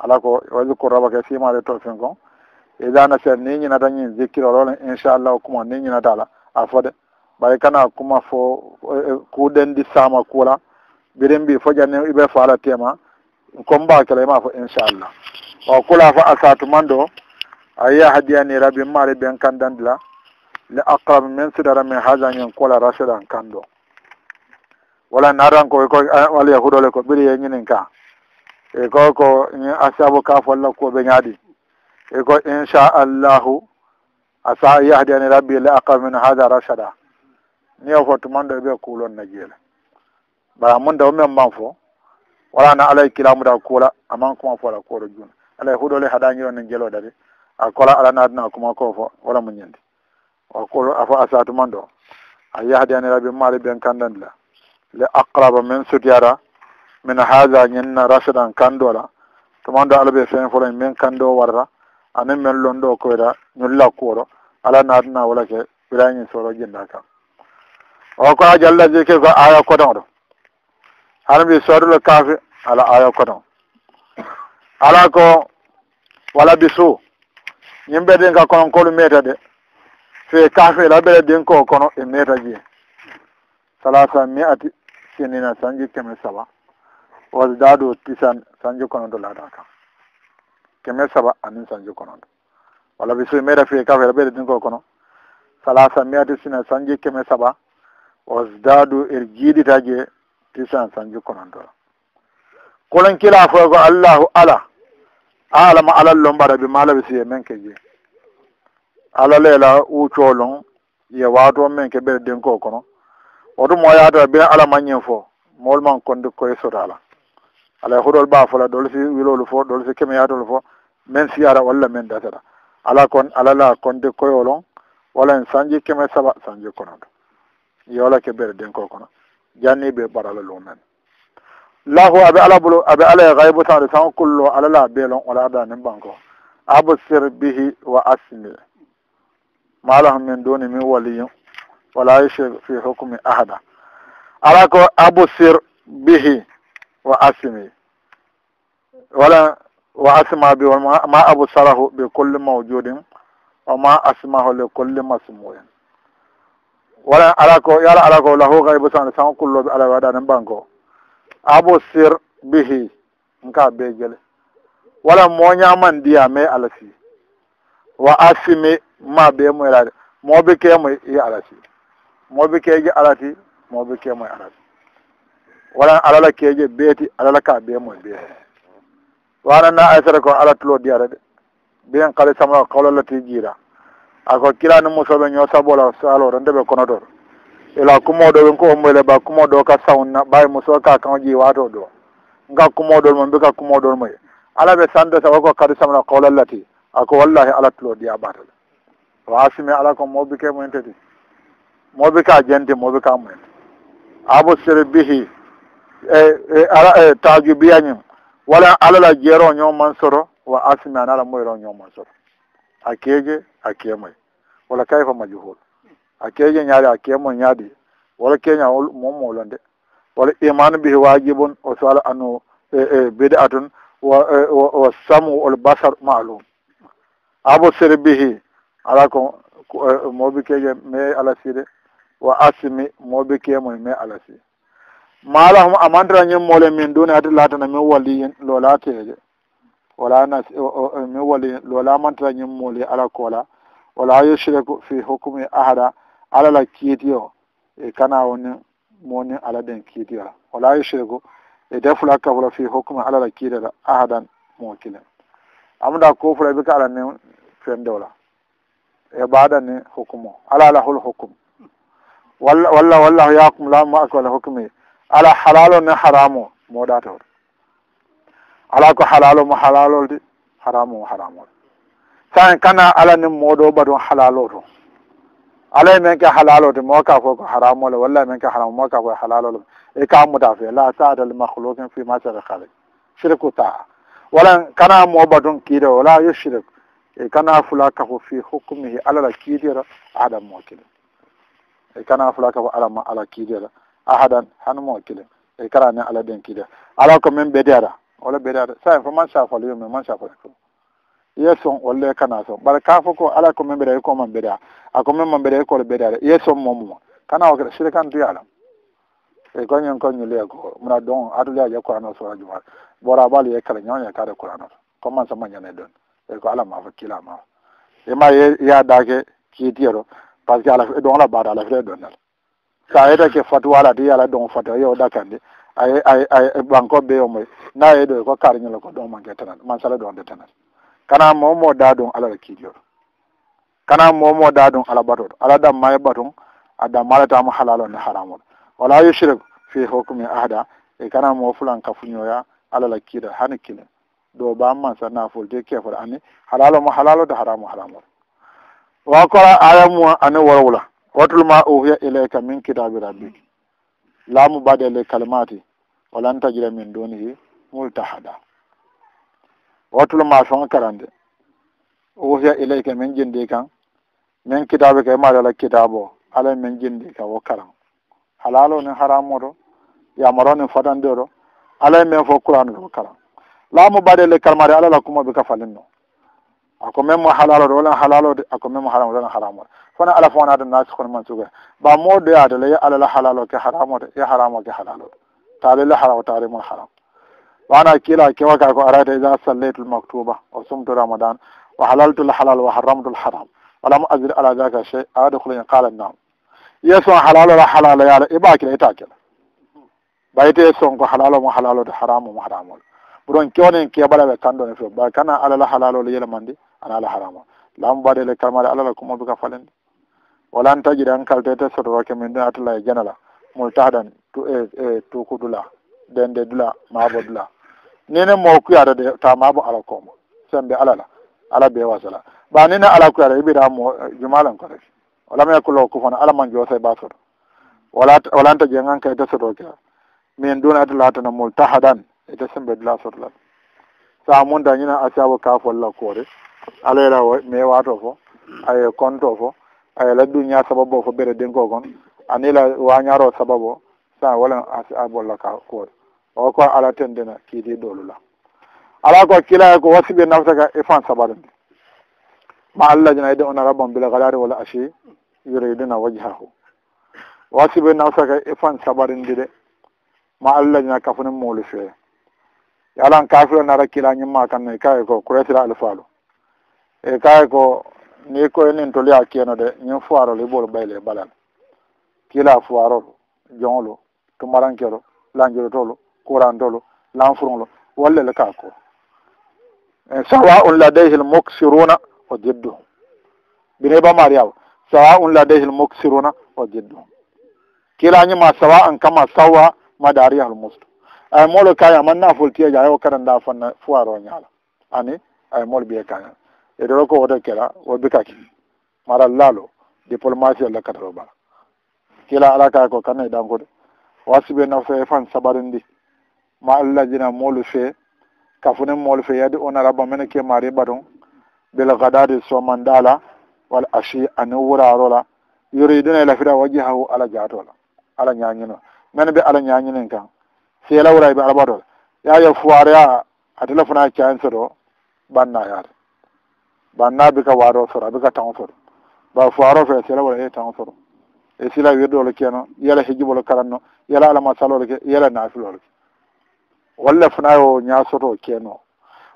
ala ko wadicour rabake simade tofin kon idana sen ni ñinata ñin zikkiro lole inchallah o kuma ni ñinatala a fode ɓay kana kuma fo e, ku ɗendi sama kuula birin mbi fo janni iɓe fo ala tema kom mba kela ima fo inchallah o kula fo asatumando a yiya ha ɗiyani rabi maari ɓen kandandi la le aqrab min siɗara min haja min kola rasidan kanɗo wala naatan ko ko wala yahuɗole ko ɓiri yeñinin ka e ko ko asabu kafolla koɓe ñaaɗi e ko inchallahu a sa yahdi ani rabbi le aqrab min haja rachada ni o fo tumanɗo ɓe kuulon na jeele bara munda o men ban fo wala na alay kilamuɗa kuula aman kuma fo la kooɗo juuna alay huɗole haɗa ñiro ni jeloɗa de a kola ala naadana kuma ko fo wala mo ñandi o ko afo asatuman ɗo a yahdi ani rabi maari ɓen kandandi la le aqraba min sutiyata min haga ñanna rasadan kandola tuman ɗo alaɓe fen folo min kando warata anin min lonɗo koyta ñullakkuoɗo ala naadana wala ke ɓirañin soro jinda kam o ko a jalla jeke ko aya koton ɗo hana mbi sodule kaafe ala aya koton ala ko wala bisuu yimɓe den ka kono kolu meeta de fe kafela ɓele den ko kono ɓe meeta je salasa miati sinina sanji keme saba was dado tisan sanji konondo laada kam keme saba anin sanji konondo walla ɓe soy meeta fe kafela ɓele den ko kono salasa miati sinina sanji keme saba was dado er jiiɗita je tisan sanji konondo kolon kila foo ko allahu ala alama alallo mbaɗaɓe malaɓe siye men ke je ala leela wuccolon ye wato men ke ɓeɗe denko kono oto mo yahata bien alamañen fo molman konde koye sotala alay huɗol ɓafola ɗol si wilolu fo ɗol si keme yahatolu fo min siyata walla min daseɗa ala kon alala konde koyolon walla en sanji keme saba sanji konoto yewla ke ɓeɗe denko kono janniɓe ɓaɗala lumen lahu aɓe ala bolo aɓe ala e gaybo tan aɗa tan kollo alala beelon ola arda nin ɓanko abasir bihi wa asmi malahu min doni min waliyum wala yushe fi hukmi ahada ala ko abasir bihi wa asmi wala wa asma bi ma abusarahu ɓe kolli mawjudin o ma asmahu le kolli masmuin wala ala ko yala ala ko lahu gaybo tan aɗa tan kulloɓe ala waɗa nin ɓanko Abu abusir bihi nke a bee gele wala mo nyama ndi ya me alasi wa asimi ma be mo ila mo be ke mo yi alasi mo be ke ji alati mo be ke mo alati wala alala ke ji beti alala ka be mo be Wa na aisara ko ala tulo diara de bien kale samra qawla lati jira ako muso musobe nyo sabola salo rende be kono ila kumoɗo ɓen ko ommoyle ba kumoɗo ka sawna ɓawi mo so ka kan ƴiwato ɗo nga kumoɗol mo mbi ka kumoɗol moye ala ɓe sande sago ko kadi samna kawla lati ako wallahi ala tulo ɗiya ɓatala wasimi ala ko mobike mumen tati mobi ka jenti mobi ka mumen Abu sere bihi e, e ala e taaju biyañum wala ala alala jeero ñoman soro wa asime an ala moyro ñoman soro a keeje a keemoy wala kayfa majhul a keeje ñaade a keemo ñaadi wala keeña momoolonde wala imanu ɓihi waajibon o sala anu bide a ton wa samu ol basar maalum abo sere bihi ala ko e, moɓi keeje me ala sire wa asmi moɓi keemoye me ala si maala homo amantara ñimmoole min duni hade laatana min walli yin loola teede walana min walli yin loola mantara ñimmoole ala koola wala yushriku fi hukmi ahada ala la kiidi o e kana woni mowoni ala ɗen kiidiyoa wala yi chego e defula kafula fi hokkuma ala la kiidata ahadan mowakilen amuda ko fula ɓe ka ala ni fendewla e ɓaɗa ni hokkumo ala ala hol hokkum walla walla walla yakum lamu ak walla hokkumi ala halalo ne haramo moɗate hoto ala ko halalomo halalolde haramomo haramode sa en kana ala ni moɗo ɓa ɗon halalo toon alaye men ke halalode mowa ka fo ko haramole walla men ke haram mowa ka fo e halalole e ka muda fe la sada li mahlukin fi masare khalik shirku ta wala kana moba don kiide wala yo shirk e kana fula ka fo fi hukmihi alala kiidira adam mo kile e kana fula ka fo alam ala kiidira ahadan han mo kile e kana ne ala den kiide ala ko men bedera wala bedera sa information fa lu men man sha fa ko yesson walla e kana son bara ka fof ko ala ko min ɓeɗae koman ɓeɗa ako min ma ɓeɗa école e ɓeɗare yesson momuma kana o kede sirkantuyalam e koñen koñu leyko mina don atelie aje kurano sora jumar bora ɓaalu ye kala ñawñe kade kuranoto commence mañane don e ko ala mafa kila mafa ema yadake kiitiyeto par ce que alaf e don ala baata alafile donnal sa yeta ke fatu ala ti yala don fatu yo dakandi aye aye aye banko ɓe yo moy nayeɗo ko kariñola ko don manque tenat mansala donde tenat kana momo da ɗum alah ɗa kiijo ɗo kana momo da ɗum alah ɓatoɗo alah damma e ɓatum a dammalatama halal onde haram oɗo wala yushrik fi hukmi ahda e kana mo fulan ka fuñoya alah la kiiɗal hani kile ɗo bamman sa nafolde kefoɗa anni halalomo halal ode haramo haram oɗo wa kora aya mua ani worwla watul ma uhiya ilayka min kitabi rabbik laamu baɗele kalimati walan tajira min donihi multahada wattulo ma son karande o wofiya ilay ke min jindi kan min kitabe ke maɗa la kitabe o alay min jindi ka wo karan halalo nin haramoto yamaro nin fatandeoto alay min fo kuranu ko karan laamu baɗele kalmade ala la kumoɓe ka falin no ako même mo halalode wolan halalode ako même mo haram wolan haramode fona ala fonade nasi kono man sugoya ba mo doyade la ye ala la halalo ke haramode ye haramo ke halalode taalele haram taalemon haram wana kiila kewaka ko arade ida sallaytu lmaktuba o sumtu ramadan wa halaltu lhalal wa haramtu lharam wa lam agir ala dalika shey awade kulañi qala nam yeeso halalo la halalo yaala ibakila itakila bayte yeson ko halalo mo halalode haramo mo haramol boɗon kewnen keɓalaɓe kandone fe ba kana alala halalole yelmande ana ala haramol lamu baɗele kalmade alala kumoɓe ka falende walan tajiɗi an kaltete sotoroke min ɗon atala e janala multahdan tu e tukudula dende dula mabo dula nene moo kuyata de tama bo ala komo sembe alala ala be wasala ɓa nene ala kuyata yiɓira mo eh, jumalan ko rek walamaya kulo kufono ala man joose ba soto wala walanta jengan ka ete soto kea min dunata latana mul tahadan ete sembe dula sotola sa munda ñina a sabo kafolla koore ala yela mai wato fo aye konto fo aye la duña sababo fo ɓere dinko kon anila wañaro sababo sa wala a bolla ka koore o ko ala tendena kiidi ɗolula ala ko kilaye ko wasiɓe nafta ka e fan saɓara ndi ma allah jana yde on arabon bila galari walla asi yuriduna wajhahu wasiɓe nafta ka e fan saɓara ndi de ma allah jana kafune muuli feye yalan kafiro nara kila ñimma kamne kaye ko kuretira alfalu e kaye ko ni koye nin toliya keno de ñin foirol i e ɓolu ɓayle balal kila foirol jonlu tumarankelo lanjirotolu courandolo lanfrunlo wallele kako eh, sawa un ladayhil moxiruna o jeddu bineba mariyaw sawa un ladayhil moxiruna o jeddu kilañima sawa an kama sawa madariyahal mustu ay molo e kaya man na foltiyeja ayo kada nda fanna foiro ñala ani ay molo ɓiye kaña edoro ko woto kela wo bikaki maral lalo diplomatie la katalo bala kila ala kako kane dankude wasiɓe nafe fan sabarindi ma allah jina moolu fe ka fune moolu fe yadi on araba mene ke mariɓa ɗon bel gadadi soman ɗala wal asi ani wurarola yuriduna lafira wajihahu ala jatola ala ñañino mene ɓe ala ñañinin kan seela wura ɓe arabatola yaya foirea a telephone a cainse ɗo banna yaade banna bika waaro soro abika tan soro ba foiro fe seela wura ye tan soro e sila wirɗolo keno yala hejibolo karanno yala alama salolo ke yala nafilolo ke walla fana yo ñasoto keno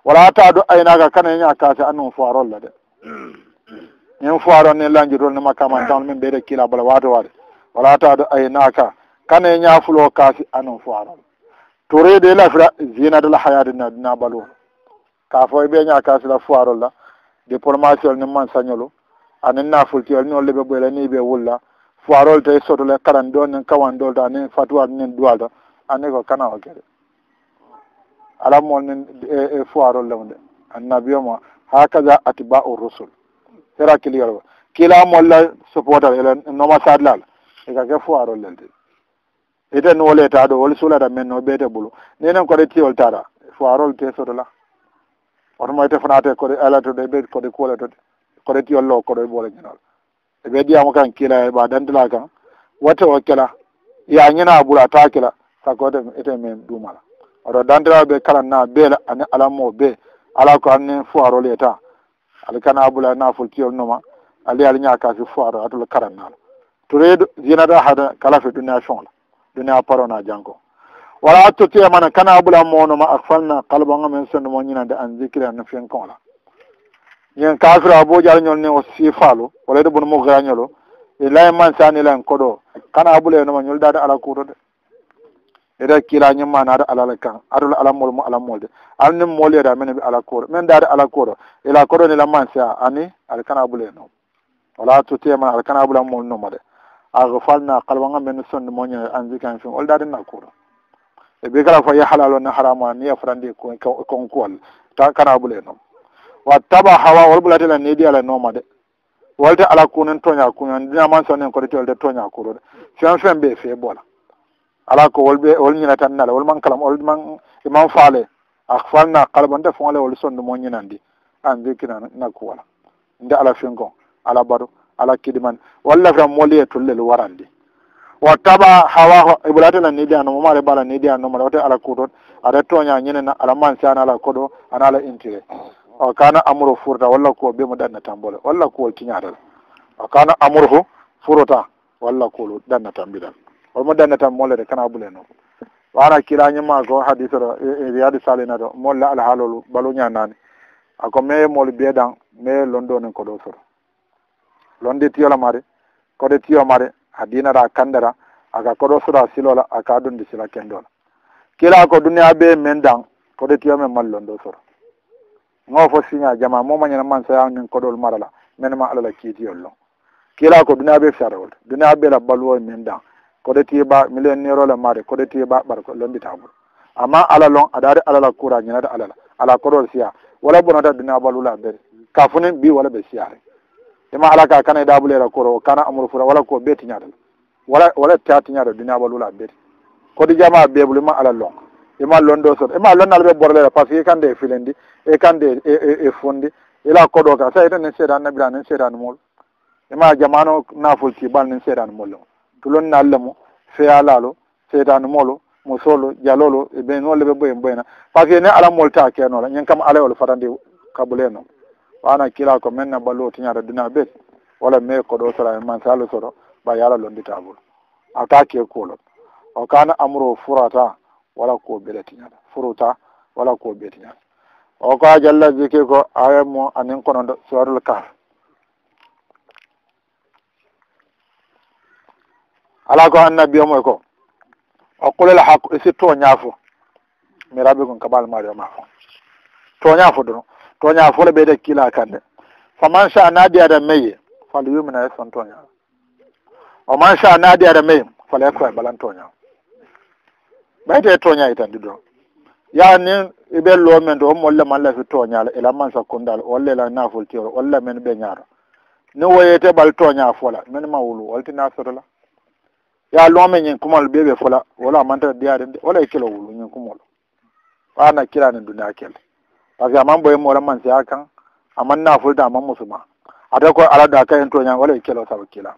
wala ta do aynaka kana ña kaase annum foirolla de mm, mm. min foiro ni lanji ton nima kamantan min ɓeyde kila bala wato wade wala ta do aynaka kana ñafulo kaasi annum foirol toreede lafira zina de la hayade na dina balun ka fo ɓe ña kaasi la foirolla diplomatiol ni man sañolu anin nafultiol ni olle ɓe ɓoyla ni ɓe wulla foirol tay sotole karan ɗo nin kawan ɗolta anin fatuwa nin dowalta anni ko kana o kede alamoolnen e, e foirol lew nde annabio ma ha kada atiba u rusul hera kiliyolba kila molla supporter ele noma sadlal eka ke foirol lelde eten woleta ɗo wol suulata men no ɓeete ɓolo ninen koɗe tiyol tara foirol te soto la otomayte fanate koɗe alatoɗe ɓe koɗe kuoletoɗe koɗe tiyol lo koɗo ɓoleñinol eɓe ɗiyamo kan kila ɓa e dandila kan watte o kela ya ñina ɓula ta kila sakoete ete men ɗumala aɗa dandiraɓe kala na beele ani alanmo be ala ko annen foaro leta ala kana abulay nafol tiyol noma ali ala ñakake foaro atola karannala toreyde yinata hada kalafe donation la donia parona janko wala atto temana kana abula monoma a falna kalbanga men sondemo ñinande an jikiri an fenkon la ñin kafira bojalñol ni o sifalo walayde bon mo gañolo e layman sani lan koɗo kana abulay noma ñoldade ala kuto de eɗa kiila ñamma naade alala kan adola alamol mo alamolde annin moolede amene ɓe ala kooɗo min daade ala kooɗo ila koɗo ni lamman si a ani ala kanabule noom wala to tema ala kanabule amol nooma de ako falna kalwanga mene sonde moñe anzikan fin ol daade na kooɗo e ɓe kala fo ya halal o ne harama ni ya fotandi konkuwal ta kanabule noom wa taɓa hawa wol ɓulate la neɗi ala nooma de wolte ala kunen tooña kuñon dinaman sonen koɗe te olde tooña kuuɗo de fen fen ɓe fee boola ala ko wolɓe wol ñinatannale wol man kala ol man iman faale a falna kala bonde fongale wol sonndu mo ñinandi an vikina nakku wala nde ala finkon ala baɗo ala kidiman walla fra molie tullel warandi wa taɓa hawaho ibulatela e niɗi an nomoma aɗa ɓala niɗi an nomoɗa wote ala kuutot aɗa tooña ñinena ala mansi ana ala koɗo ana ala intire o kana amoureu furta walla ko ɓimo ɗanna tambole walla kuwol kiñatal o kana amoureu fu furota walla kuolu ɗanna tambidal holmo dendatan mollete kana ɓule noon wara kilañima ko hadis to e, e riyadi salina to molle alhaalol baluñanani ako maye mol biyeɗan maye londonin ko ɗo soto londi tiyola mari koɗe tiyo mari a dinata kandera aka koɗo soto a silola aka dundi sila kendola kila ko duniya ɓe men dan koɗe tiyo men mali londo soto go fo signa jama momañana man sayanin koɗol marala menema alala kiitiyol lon kila ko duniya ɓe fiyata wolte duniya ɓela baluwo men dan koɗo tiiɓa million nirole maade koɗo tiiɓa ɓar ko londitagol amma ala lon aɗa ari alala coura ñinata alala ala koɗol siya wala bonata duniya balula ɓe ka funin mbi wala ɓe siyare ima e ala ka kana e daɓulera koro o kana amour fura wala ko ɓe tiñatal wala wala ta tiñata duniya balula ɓeti koɗo jama beɓol ima e ala lon ima londo sot ima lonnal ɓe borlere par ce que kande e filendi e kande e fondi ila koɗo ka sa ita nin seeda nabira nin seeda nu mol ima jamano nafol tiɓal nin seeda nu mollema tulonna allah mo feyalalo feetanumolo mo soolo jalolo eɓe nolle ɓe boyen boyena par ce que ne ala molta kenola ñan kam alay ole fatandi kabuleno wana kila ko maintenant ɓallu o tiñata duna bet wala mai koɗo sora e mansalo soro ɓa yala londitabol ata ke kolo o kana amro furata wala ko ɓele tiñata furuta wala ko ɓe tiñata o ko a jalla jiki ko ayemo anin kononɗo soorel kar ala ko annabiya mo e ko o qulel haqqu e surtout o ñaafo mi raɓi gon kaɓal maari o ma fo toñaafo dono toñaafole ɓeyde kiila kande fa mansa naadi ada meyye fale wimina e son toña o mansa naadi ada meyye fale ko e ɓalan toña ɓayte e toñayi e tan ɗiɗo yaani iɓen e lo men to o molle malla fi toñala e ila man sakkundal olla ila nafol tiro olla men ɓe ñaara ni woyete ɓal toña fola min ma wulu oltina sotola ya lome ñenkumal ɓeɓe fola wala mantata diyade de wala e kelo wulu ñenkumol ɓana kirane dunde a kele par ce que aman ɓoye moɗan man seya kan aman nafolta aman musuma ata ko alada ka hen toñan wala e kelo saba kila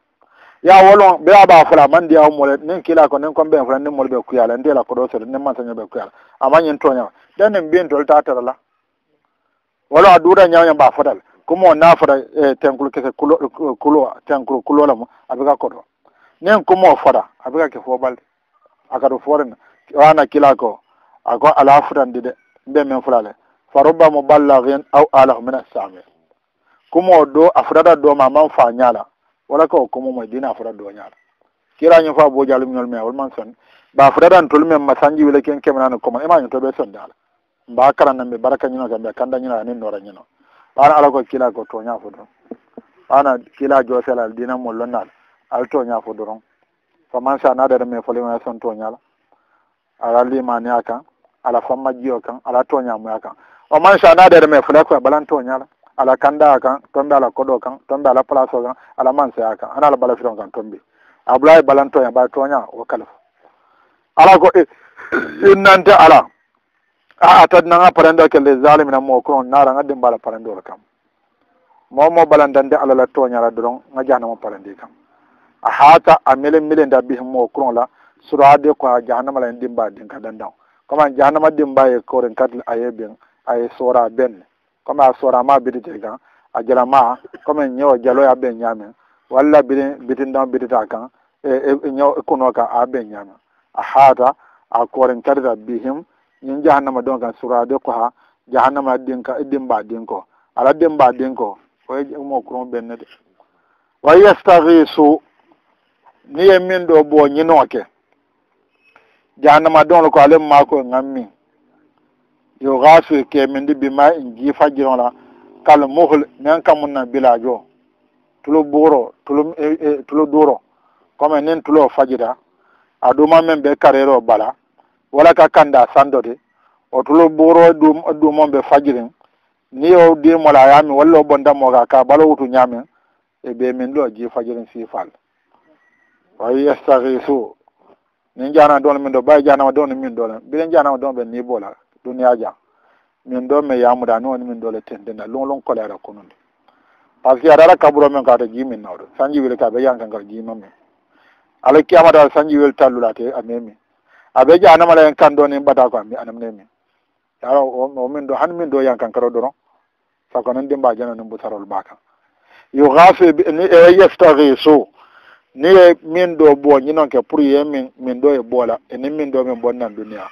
ya wolon ɓe aɓa fola aman diya mole nen kila ko nen kon ɓen fola nen molɓe kuyala ndela koɗo sere nen man sañoɓe kuyala aman ñen toñan ɗan nen mbin tolta tarala wala a duuɗa ñawñam ɓa fotaɓe kumo nafota e eh, tenkulo kese kulo kulo tenkulo kulola mum aɓe ka koɗo nen komo fota a ɓe ka ke fobalde akato forena wana kila ko ako ala futandi de nde min fulale fa robbamo ballahin aw alahu min assamir kumo do a futata doma man fa ñala wala ko komomo dina a fota do ñala kira ñu fa bojalum ñol me wolman son ba futatan tolu men ma sanji wile ken keminani koman ima ñu e toɓe sonde ala mba karanna mbe baraka ñino kambe kanda ñino anin nora ñino ɓana ala ko kila ko toña fo don ɓana kila joselal dina mo lonnala ay tooña fo doron famman si a naɗere mais folemaa son tooñala ala limaniya kan ala famma jiyo kan ala tooñamuya kan o man si a naɗere mais fole koye balan tooñala ala kandaya kan tombe ala koɗo kan tombe ala place o kan ala manseya kan ana ala balafiron kan tombe abulaye balan tooña bay tooña wo kalefo ala ko in e, nante ala a atad nanga parendeo ke les alimina mo kuro naranga dimba ala parendeor kam mo mo balandande ala la tooñala doron nga jahnamo parendi kam a haata a mele mele nda bi himmoo kuron la suraade ko ha jahannama la en ɗimba din e ka dandan comme an jahannama ɗimba e koren kadi a ye ɓen a ye soora benne comme a soorama bidete kan a jalama comme en ñewo jaloya ɓen ñaamen walla bidin bitindan bidita kan e, e, ñew kuno kan a ɓen ñaamen a haata a koren kadita bi him ñin jahannama ɗon kan suraade ko ha jahannama ɗinka ɗimba din ko ala ɗimba din ko oye mo kuron ɓennede wa yestahisu ni ye min dɔ bɔ ɲinɔ kɛ jahannamadenw ko ale ma ko nka min yugasu ke min di bima in ji fajirɔ la kal muhl nen kamun na bila jɔ tulo boro tulo e eh, tulo doro kɔmi nin tulo fajira a duma min bɛ kariyɔrɔ bala wala ka kan da san dɔ o tulo boro dumɔ be fajirin ni o di mɔla a y'a e min wala o bɔnta mɔ kan k'a balo wutu ɲaamin e bɛ min dɔ ji fajirin si fal wawi estahisu min jahanama donle min ɗo ɓay jahanama donle min ɗole mbiɗen jahanama donɓe nibola duniya jan min ɗo mi yamuda ni woni min ɗole tentenda lung lung colére konude par ce que aɗaɗa kaburo men kata jimin nawɗo sanjiwel ka ɓe jahankankar jima min ala kiamata sanjiwel tallula te ame min aɓe jahanamala hen kan ɗon in ɓata ko ami anamne min ara o min ɗo han min ɗo yankankaro doron sako nan dimba jananimbo sarol ɓa kan yo gafe ni e yestahisu ni ye min ɗo ɓoo ñinon ke pour ye min min ɗo e ɓoola eni min ɗo min bonnan duniya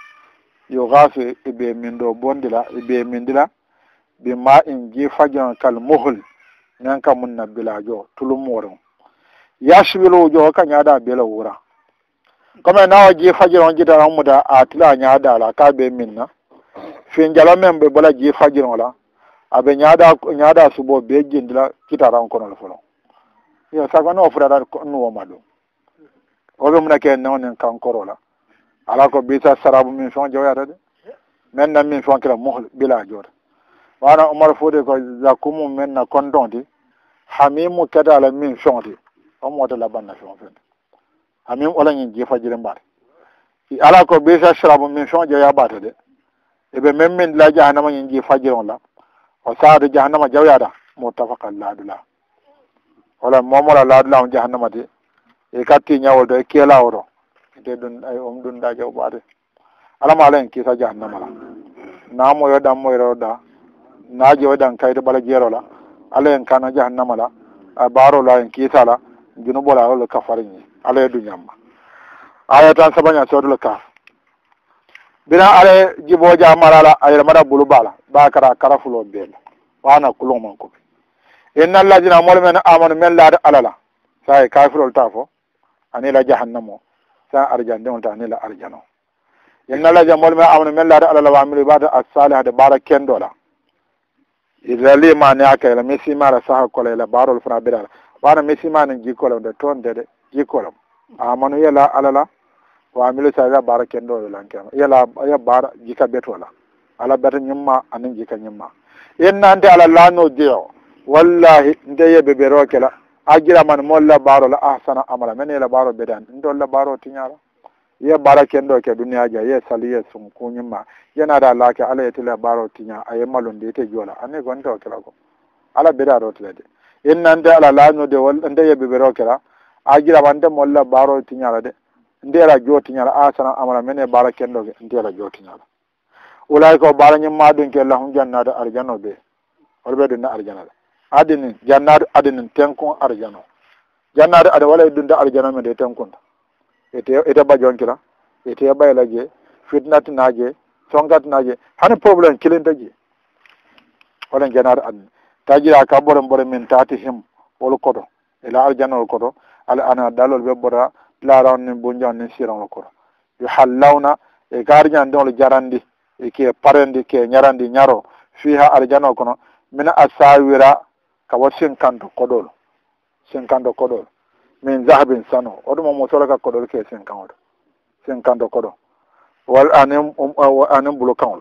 yo gaafe ɓe min ɗo bondila ɓe min ndila ɓi ma in ji fajon kal mohol nan ka mun na bilajo tulumorin yasibilujo ka ñaada bela wura comme nawa ji fajiron jitaramuda a tila ñaada la ka ɓe min na fin jalo men ɓe bola ji fajiron la aɓe ñaada ñaada subo ɓe jindila citaran konol folon yo saga no furata nuwoma ɗum o ɓe munake nonen kankorola ala ko bisa sarabu min fon jowoyata de maintna min fon kila mohl bilajoota wana omar fuude ko jakkumum maintna kondonti hamimu kedala min fonti omoto labanna fon fen hamim olañin jifajire mbata ala ko bisa sarabu min fon jowoya ɓata de eɓe memmin la jahannama ñin ji fajiron la o saadu jahannama jawyata mutafaqa laadu la wala momola laadulaamo jahannama de e katti ñawol do e keelaawo ɗo de ɗum ay om ɗum da jawɓaade alama ala en kiisa jahannama la naamoyo ɗam moyroo ɗa naajoo ɗam kayde ɓala jeero la ala en kano jahannama la a baaroo la en kiisa la junuɓola ole kafare ñi ala e duñamma aya tan sabaña soodolo kaaf bina ala jibooja marala ayre mara bulu baala baakara karafuloo beele waana kulongman kobe en allajina mole men amanu men laade alala sahay e kafirolta fo anila jahannam o sa arjan ndeolta anila arjan o en allaja mole men amanu men laade alala wamil ibada a saliha de baara kendola ilalimaneakayla mi simara saha kola ila e baarol fana birala wana mi simani jikkolam de toon dede jikkolam amanu yela alala wamilo saya baara kendola lankema yela ya baara jika betola ala bete ñimma anin jika ñimma innante ala lano deo wallahi nde yeɓe ɓe roke la agiraman moon labaro la ahsana amala mene labaro bedan nde labaro tiñara ye barakeen ɗo ke duniyaji ye sali ye sum kuñumma yenaɗa laake ala yeti labaro tiña aye malundi ite joola anni ko nte o kela ko ala beda rotilede inna nde ala lañude nde yeɓe ɓe roke la agirama nde moon labaro tiñara de nde ela jootiñara ahsana amala mene barakeen ɗo ke nde ela jootiñara ulay ko baraño maɗum ke lahum jannade arjanno ɓe holɓe ɗum ne arjanade adenin jannade adenin tenkon ardiano jannade aden wala ɗumde ardiano men de tenkonta ete ete bajonkila ete ɓayla e je fitnatinaje songatinaje hani probléme kilinta je oɗen janade adenin tajira ka ɓoren ɓore min taati him wol koto ela ardianol koto ala ana dalol ɓe ɓora laranni bonjanni siranol koto yo hallawna e ka ardian ndiol jarandi e ke parendi ke ñarandi ñaro fi ha ardiano kono mina a sawira kawa cinquante koɗol cinquante koɗol min jahbin sano oɗum omo soraka koɗol ke cinquant oɗo cinquante koɗo wal anin um, uh, anin bulokanol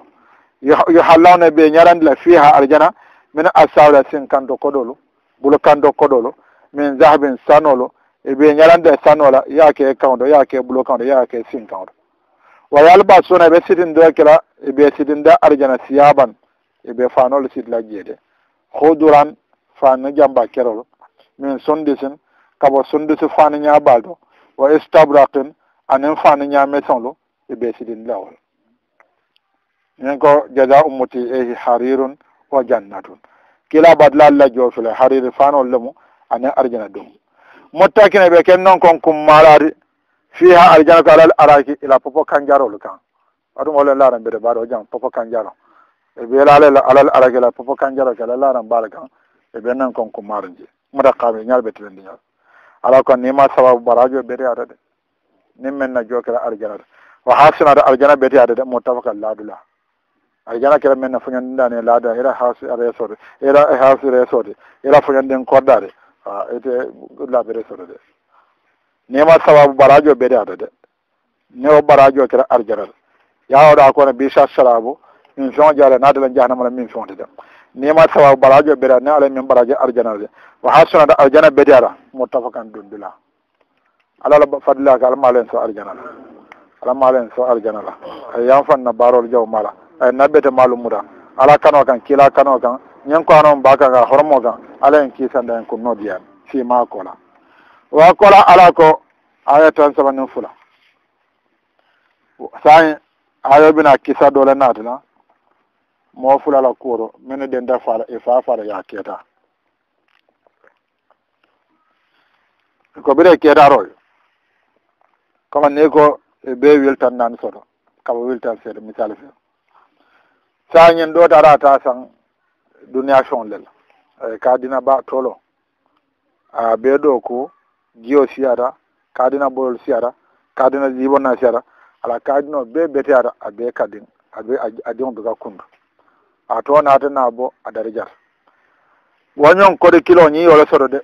yo hallawna ɓe ñarandila fi ha aljana min asawla cinquante koɗolo bulokando koɗolo min jahbin sanolo eɓe ñarandila sanola yaake kawɗo yaake bulokanɗo yaake cinquanɗo wayalba suna ɓe sitindira kila eɓe sitinda aljana siyaban eɓe fanolo sitila jeede huduran faane jamba kerol min sonde sen kaba sonde so faane ñaabal to o stabraken anen faane ñaamaison lo e ɓeysidin lawol min ko jada ummati ehi hariron o janna toon kila bad laalla joofile hariri faanol lemo ane arjana ɗum mottakine ɓe ken noon kon kum malari fi ha arjana ko alal araki ila popo kanjarol kan waɗum olen laran mbiɗe mbaɗo jam popo kanjaro e ɓiyalalel alal araki ila popo kanjaro ko ala laran mbaɗa kan e ɓe nan konko maaroje mudakkaɓe ñalɓete wendiñal ala kon nima sababu baraio ɓeriyata de nin men na jokere arjanata o hasinata arjana ɓeriyata de mutafakal laadula arjana kere men na foñandindani e laadula ira has resode ira e has resode ira foñandin koddade a ete laɓe resode de nima sababu baraio ɓeriyata de neo baraio kere arjanata yawoɗa kono bisa salabu min fewo jaale nadela jahnamala min fewde dem nima sababu baraajo ɓeɗa ni alay min baraje aljana de wa ha sonade aljana ɓedeara mutafakan dundula alaala fadillaka alamaalen so aljana la alamaalen so aljana la ay yan fanna barol jaw mala ay nabbete malumuda ala kano kan kila kano kan ñen ko anon bakan ga hormo kan alayen kisande en kun nodiyan fima kola wa kola ala ko ayatan sabanin fula sa ayobina kisa dole natina mofulala kuoro mene denda fara e fa fara ya keta ko ɓire keetaroy koma ni ko e ɓe wiltan nan soto kaba wiltan seeɗa misal fe sañin ɗo tara ta san duniation lel ey ka dina ba tolo a ɓe ɗo ku giyo siyata ka dina ɓolol siyata ka dina jibonna siyata ala ka dino ɓe beteyata a ɓe kadin aɓe adino ɓega kundu ato na ati na abo adarijar wanyo nkodi kilo nyi yole soro de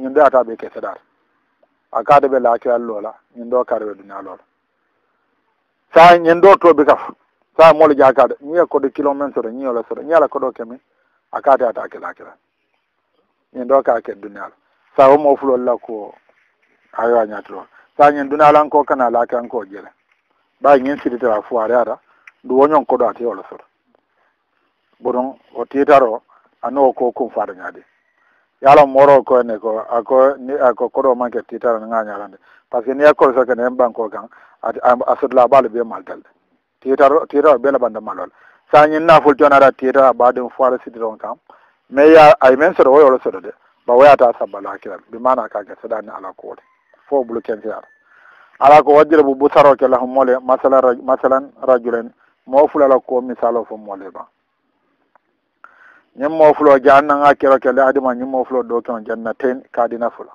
nyinde ata be kese dar akade be laki ya lola nyindo karewe dunia lola sa nyindo to bika sa moli ja akade nyi kodi kilo men soro nyi yole soro nyi ala kodo kemi akade ata ake laki la nyindo kake dunia lola sa homo ufulo lola kuo ayo anyatilo sa nyindo na lanko kana laki anko jele bai nyinsi ditela fuwa reara duwanyo nkodo ati yole soro boɗon o tiitaro ano o ko kum fadañaade yaalom moro ko ene ko ako ni ako koɗo manque tiitaro ne gañalande par ce que ni akkol soke ne ɓanko kan a asodla ɓaalo ɓe maltal tiitaro tiitaro ɓe laɓanda malol sa ñinna ful jonata tiitaro a ɓaɗum foire sidi ɗon kam mais ya ay men soɗo woy oɗo soɗo de ba woyata sabba lakiral ɓi mana kake soɗani ala kowoɗe fo bulu kensiyar ala ko wajjira bo busaroke lahu mole masalan masalan rajulen mo fulala ko misalo fo mole ban ñimmoo fulo jannanga kiro ke le adima ñimmoo fulo ɗo keno janna ten kaadi nafula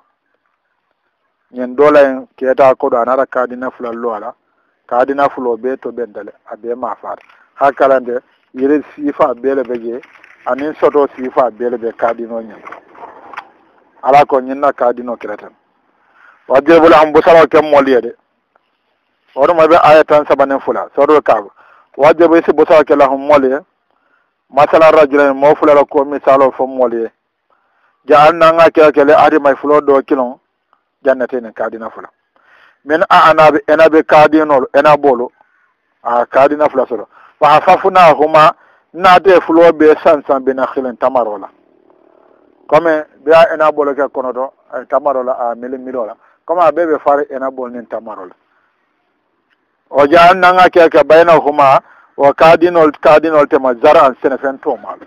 ñin dola en keeta koɗo anata kaadi nafula lo ala kaadi nafulo be to ɓendale a be mafaata ha kala nde yiri siifa beele be je anin soto siifa beele be kaadino ñin ala ko ñinna kaadino kiraten wajibul ambusalo kemmolye de oɗumaɓe aya tan saɓanin fula soto kaaba wajibu isi busalo ke lahum molye masala rajula ni mofulala ko misalo fomol ye ja anna nga kela kele adimay fulo ɗo kilon jannatene kaadina fula min a anaɓe enaɓe kaadinolo ena bolo a kaadina fula solo waha fafuna huma naate fulo ɓe san san bina xilin tamarola comme ɓe a ena bolo ke konoto tamarola a mili milola comme a ɓeɓe fare ena bol nin tamarola o ja anna nga kela ke bayna huma o kaadinol kaadinol tema jara an sene fen to maa ɓe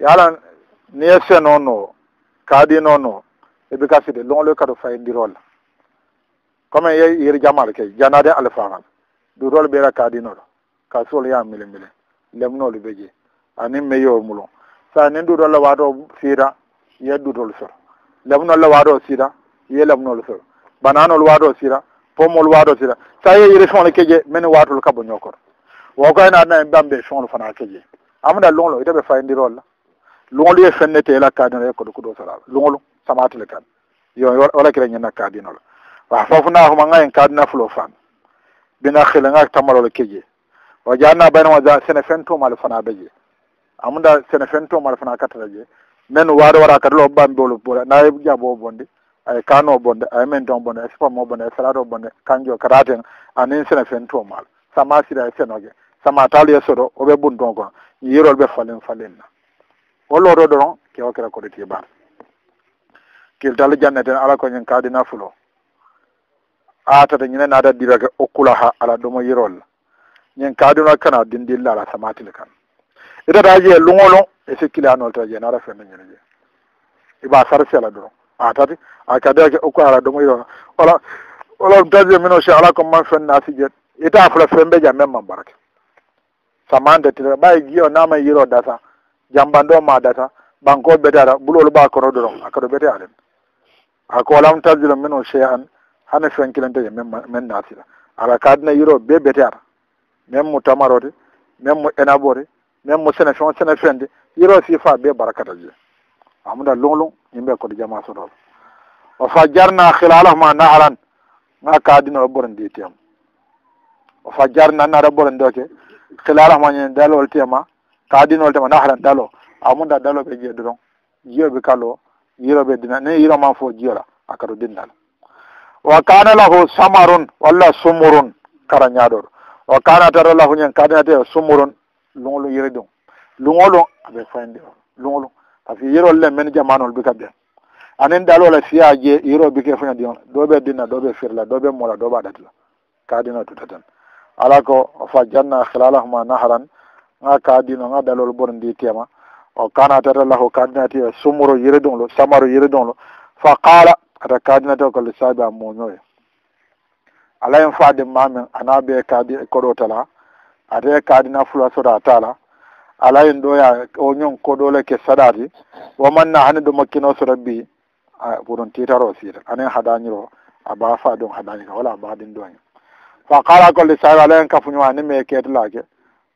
yalan nie seno no kaadino no eɓe gasde longlo kado fayindirola comme ye yir jamal ke janade alfaxal duutol ɓeera kaadinolo ka suol ya mili mili lemnolu ɓe je anin me yo mulon sa nin duutolla waato siida ye duutol soro lemnolla waato siida ye lemnol soro bananol waato siida pomol waato siida sa ye yirisonl ke je mene waatol ka bo ñokoto wawa kayna adna en mbiyamɓe soŋlo e fana keje amuda luŋlo ite ɓe fayindirol la luŋlo ye fennete ela kadino e koɗo kuɗo sara luŋlo samatele kan yo wala kira ñinna kadinola wa fofnahuma ga en kadina fulo fan bina xile ga tamalolo keje wa janna baynama da sene fen tumale fana ɓe je amuda sene fen tumale fana kattata je men waɗo waɗa kadalo mbamɓeolo bole na jaabo bonde ay kano bonde ay menton bonde ay supamo bonde ay salade o bonde kanjo karaten anin sene fen tumal sama sida e senoge sama taal yesso ɗo oɓe ɓunton ko yirolɓe fallin fallinna wollo ɗo ɗon kewokira koɗo tibar kiltal janneten ala ko ñin kaadi nafulo atata ñine naada dirake okkula ha ala ɗumo yirol ñin kaadino kana dindilla ala samatil kan itata je lungolu e sikkile anolta je naara fenno ñine je iba sarsi ala ɗon atati a kadake okkula ala ɗumo yirol wala wala ɗum tajemino si ala ko man fennasi je ita fula fembe jammen man barake samande tira ɓay giyo nama yiro dasa jambande o ma dasa banko ɓete ata ɓuulol ɓa kono ɗoɗon akaɗo ɓete aɗen a kolam tardiro min o chee an hane fenkilanteje min min nartira ala kadina yiro be ɓete ata min mo tamarode min mo enabore min mo sénéfin o sénéfinde yiro si fa ɓe barakata je amuda lung lung yimɓe koto jama soɗol o fa jarna hilalahma na aran ga kadina o ɓoron di tem o fa jarna nara ɓoron ndoke selalahmañen dalol tema ta adinol tema ndaharan dalo amunda daloɓe jee doron jiyoɓe kalo yiroɓe dina ni yiroman fo jiyora akado dindal wa kana lahu samarun walla sumurun kara ñaɗoɗo wa kana tara lahu ñen kadinate sumurun lunglu yiri ɗum lungolum aɓe fayndi o lunglu par ce que yirol le men jamanol bika ɓen anin dalola fiya je yiro bike foña ɗi ɗoɓe dinna ɗoɓe firla ɗoɓe mola ɗoɓe aɗatla kadino tuta tan ala ko fa janna khilalahuma naharan ga kadino ga dalol bono ndi tema o kanatata lahu kadinati e sumuro yiri ɗonlo samaro yiri ɗonlo fa qala ata kadinati kolle saabi a moñoye alayen faadin mamin ana ɓe kadi e koɗo tala ata kadina fula sota tala alayen ɗoya oñon koɗole ke saɗati womanna hani ɗo makkino sota bi a pouron titaro siita anen haɗañiro a ba faa ɗon haɗañika wala a baɗin ɗoña fa qala golle sawi ala en kafuñuma ni mais keedalake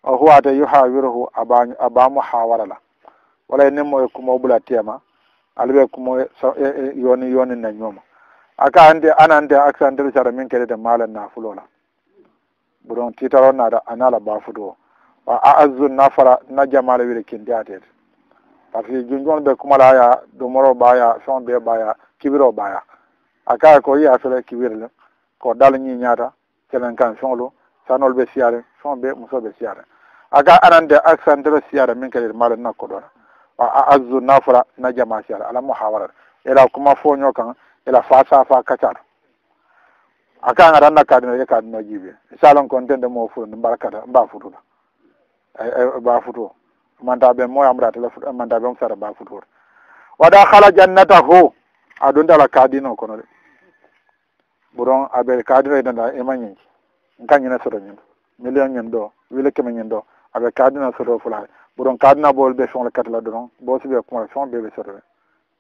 o huwate yuhawiruhu abañ aba muhawara la walay nimmo e kumo ɓula tema alaɓe kumo e, e, e, yoni yoni nañoma aka ande anande accidentel sara min keɗede maalen nafulo la ɓuɗon titaro nada anala bafudu o a aazu nafara na jamala wiri kindi atede par ce que junjuon ɓe kumalaya domoro ɓaya fewɓe ɓaya kibiro ɓaya aka ko yiyafele kibirle ko dal ñiñata semen kan sonlu sanol ɓe siyare son ɓe musoɓe siyare aga arande accentere siyare min kadi maɗo nakkoɗona a azu nafra najama siyare ala mo hawarata ela kuma foño kan ela fa safa kacata a kan aɗa nakkadino ye kadino jiɓe salon ko ntende mo fulonde mbarakata mba futula ba futu mantaɓe moyamra téléphone mantaɓe mo sara ba futuwoto waɗa hala jannata ho aɗu ndala kadino kono de ɓuron aɓeɗe kadinaydenda imañeji e kañina soto ñin million ñin ɗo wille keme ñin ɗo aɓe kadina soto fulaye ɓuron kadina bol ɓe sohla katla ɗonon bo sibe comation ɓe ɓe sotore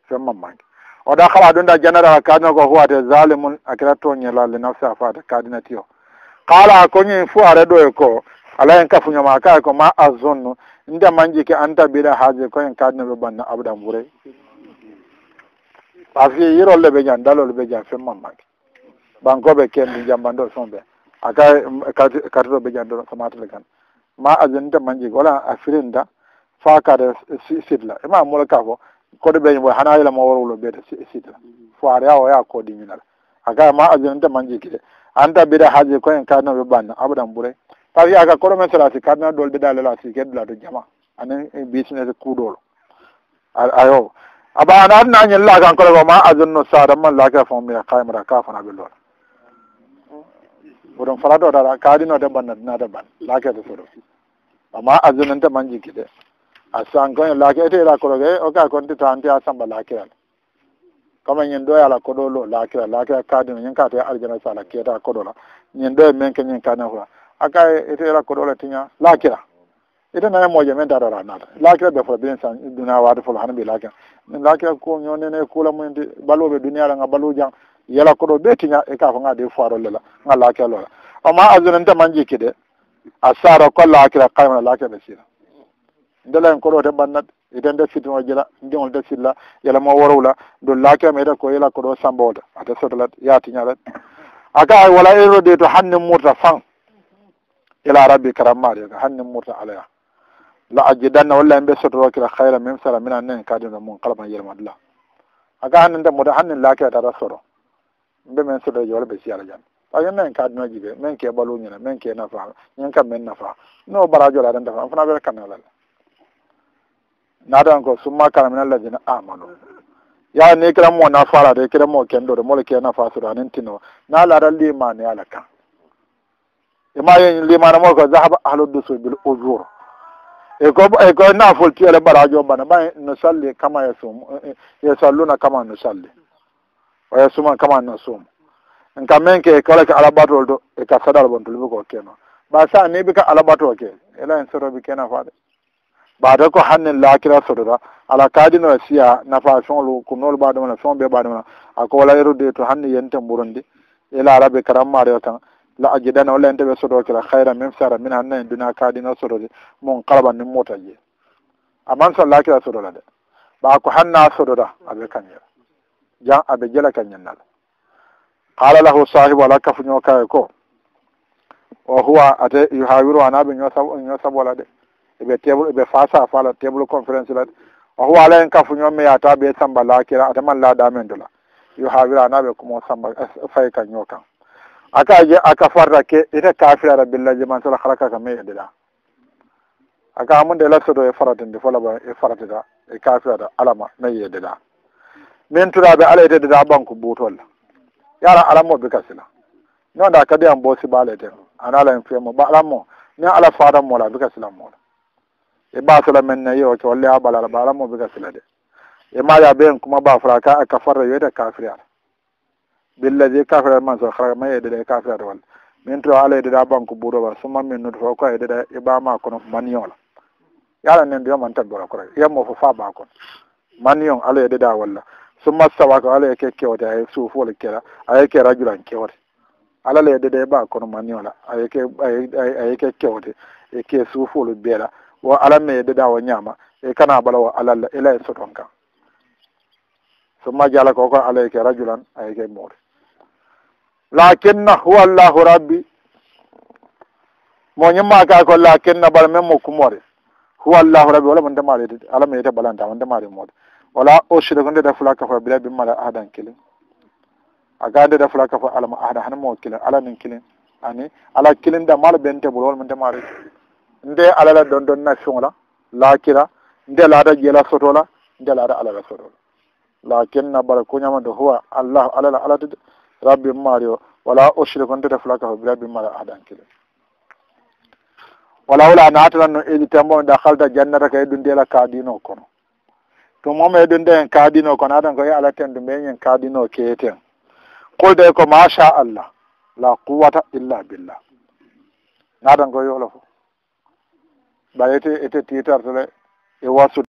fen mammangue oɗa kala ɗum da jannadaa kadina ko huwate zalimun akirato ñela le nafsi a fata kadina tiyo kala ko ñin fo are ɗo e ko alay en kafuñoma kaye ko ma azunnu nde manjike anta mbiɗa haaji ko en kadina ɓe banna abdan wuuray par ce que yirolle ɓe jan dalol ɓe jan fen mammangue bangoɓe kenɗi jambanɗo son ɓe aka kartito ɓe jandoɗo ko matele gan ma ajonita manjig wala a firinta fa kade sitla ema mola ka fo koɗo ɓeñ boy hana yilama worwulo ɓeyte sitla foare yawo ya ko ɗiñinal aka ma ajonita manjigke anta ɓiɗa haaji koyen kardina ɓe ɓanna aɓadan ɓuuray par ce que aka koɗo men sola si kardina ɗol ɓiɗa lela si keɗɗula to jama anen bisines kuuɗolo ayo aba anaatina ñellakan kolo ko ma ajonno sadamman laka fo mbiya kaymata ka fana ɓe lola boɗon fala ɗo ɗaɗa kaarino deɓɓan nadina deɓɓan laakede soɗo amma asdenente man jikki ɗe a san kone laake eteyra kologe oka konti tanti a samba laakiral comme ñin ɗo yala e koɗolo laakira laakira kaadino ñin kaate ardiana sa la keeta koɗola ñin ɗo e menke ñin kaadina fula aka eteyra koɗola tiña laakira ite nane moƴo men daɗara nata laakira ɓe fula bien sa duniya waade fula hana mbi laakira laakira ko ñonene kuula mumen ti baluɓe duniya ranga balu jang yala ko ɗo ɓeetiña e ka ko ngaɗe foirollela ngallakelola oma azuna ndeman jikki de a saara ko laakira kaymana laakeɓe sira ndelen ko ɗo te ɓannat eten defitino jila ndiol defitla yala mo worowla ndu laakema ete ko yala ko ɗo sambooda ata sotolat yaatiñalat a ka wala erode to hanni murta fan ila rabbi karammaari ka hanni murta alaya la ajji danna walla en ɓe sotoro kira hayra min sara minan nen kadino mum kalama yelmadla aga hannde ndemmude hannin laakeetata soro bemin sodoje wala ɓe siyala jan parce que min ka adunaji ɓe min ke ɓaluñene min ke nafa ñin kam min nafa no barajola aɗan dafa fana ɓeɗa kanelal naadan ko summa kana minen ladine amanu ya ni kira mo na farade kira mo ken ɗode mole ke nafa soɗo anin tino na laɗa limane ala ka e imayi limane mo ko zahaba ahlu dusu bil ujour eko eko nafol tiyale barajo bana ɓa no salli kama yeso e, yesalluna kama no salli wa yasuma kama nasum en kam min ke kala ke ala ɓatol do e ka saɗal bon tolbi ko keno ɓa sa niɓi ka ala ɓato ke ela en soroɓi kena faade ɓata ko hanni lakira sodora ala kadino e siya nafa soŋol kumnol ɓaɗumana soŋ ɓe ɓaɗumana ako wala erude to hanni yenten ɓurondi ela araɓe karammaɗo o tan la a jiɗana walla en teɓe soɗo kira hayra min sara min hannani duniya kadino sodode mon kalaɓa nimmota je aman son lakira sodora de ɓa ko hanna sodora aɓe kañera jan aɓe jalaka ñannal qala lahu sahibu ala kafuñoo kawe ko o huwa ate yuhawiru ana ɓe ñoosabo la de eɓe table eɓe faasa fala table conférence la de o huwa ala hen kafuñoo mi yata ɓe samba laakira ata man laaɗamen dula yuhawiru ana ɓe kumo samba eh, fay kan ño kan aka je aka farta ke ita kafirara billaji man sola haraka ka mey eɗeɗa aka amunde lasoto e faratinde folaba e faratita e kafirata alama mey eɗeɗa mintoraɓe aleytede da banque buutolla yara alammoɓe gasina non da kadi yam boosi ɓaaleyte ana ala en fiyamo ɓa alammo min ala fadanmola bikasilanmola e ɓasola men ne yo ke wolle aɓalala ɓa alammo bikasila de e maƴa ɓe en kuma bafra ka a kafarre wiyete kafriyata billadi kafriyat man so hara ma yedeɗe kafriyat walle min to alaydeɗa banque buutoɓa suma min nude fof ko yedeɗe e ɓama kono maniola yala nen duyoman tagbora kora yammo fo fa ɓa kon manion alayedeɗa walla so massawa ko ala eke kewde aye suufole kela ayeke radioulan kewde ala leyde de ɓa kono maniola ayeke ayeke kewde eke suufolu beela wo ala meyededa o ñaama e kana ɓalawo alalla elaye soton kan so majala ko ko ala eke radioulan ayeke mowde lakinna huwa llahu rabbi mo ñimmaka ko lakinna bala men mo kumode huwa llahu rabbi wala mo ndemaɗe ala meyete ɓalanta mo ndemaɗe mowde wala o sude ko ndeda fula ka fo bila bimmala ahdan kilin aga ndeda fula ka fo alama ahda hani moo kilin ala nin kilin ani ala kilin da mala bente bolo wol mente maari nde alala don don nafiola laakira nde laada jeela sotola nde laada alala sotola lakin na bara kuñamade howa allah alala alade rabbi maari o wala o sude ko ndeda fula ka fo bila bimmala ahdan kilin wala wala natalan no edi tembo da halda jannata kay e dundela kadino kono to momeɗum nde en kaaɗino kono aɗan ko ye alah ten ɗu ɓen en kaaɗino keeten kulde ko macha allah la quwata illa billah naɗan ko yohlo fo ɓayete ete titartele e wasude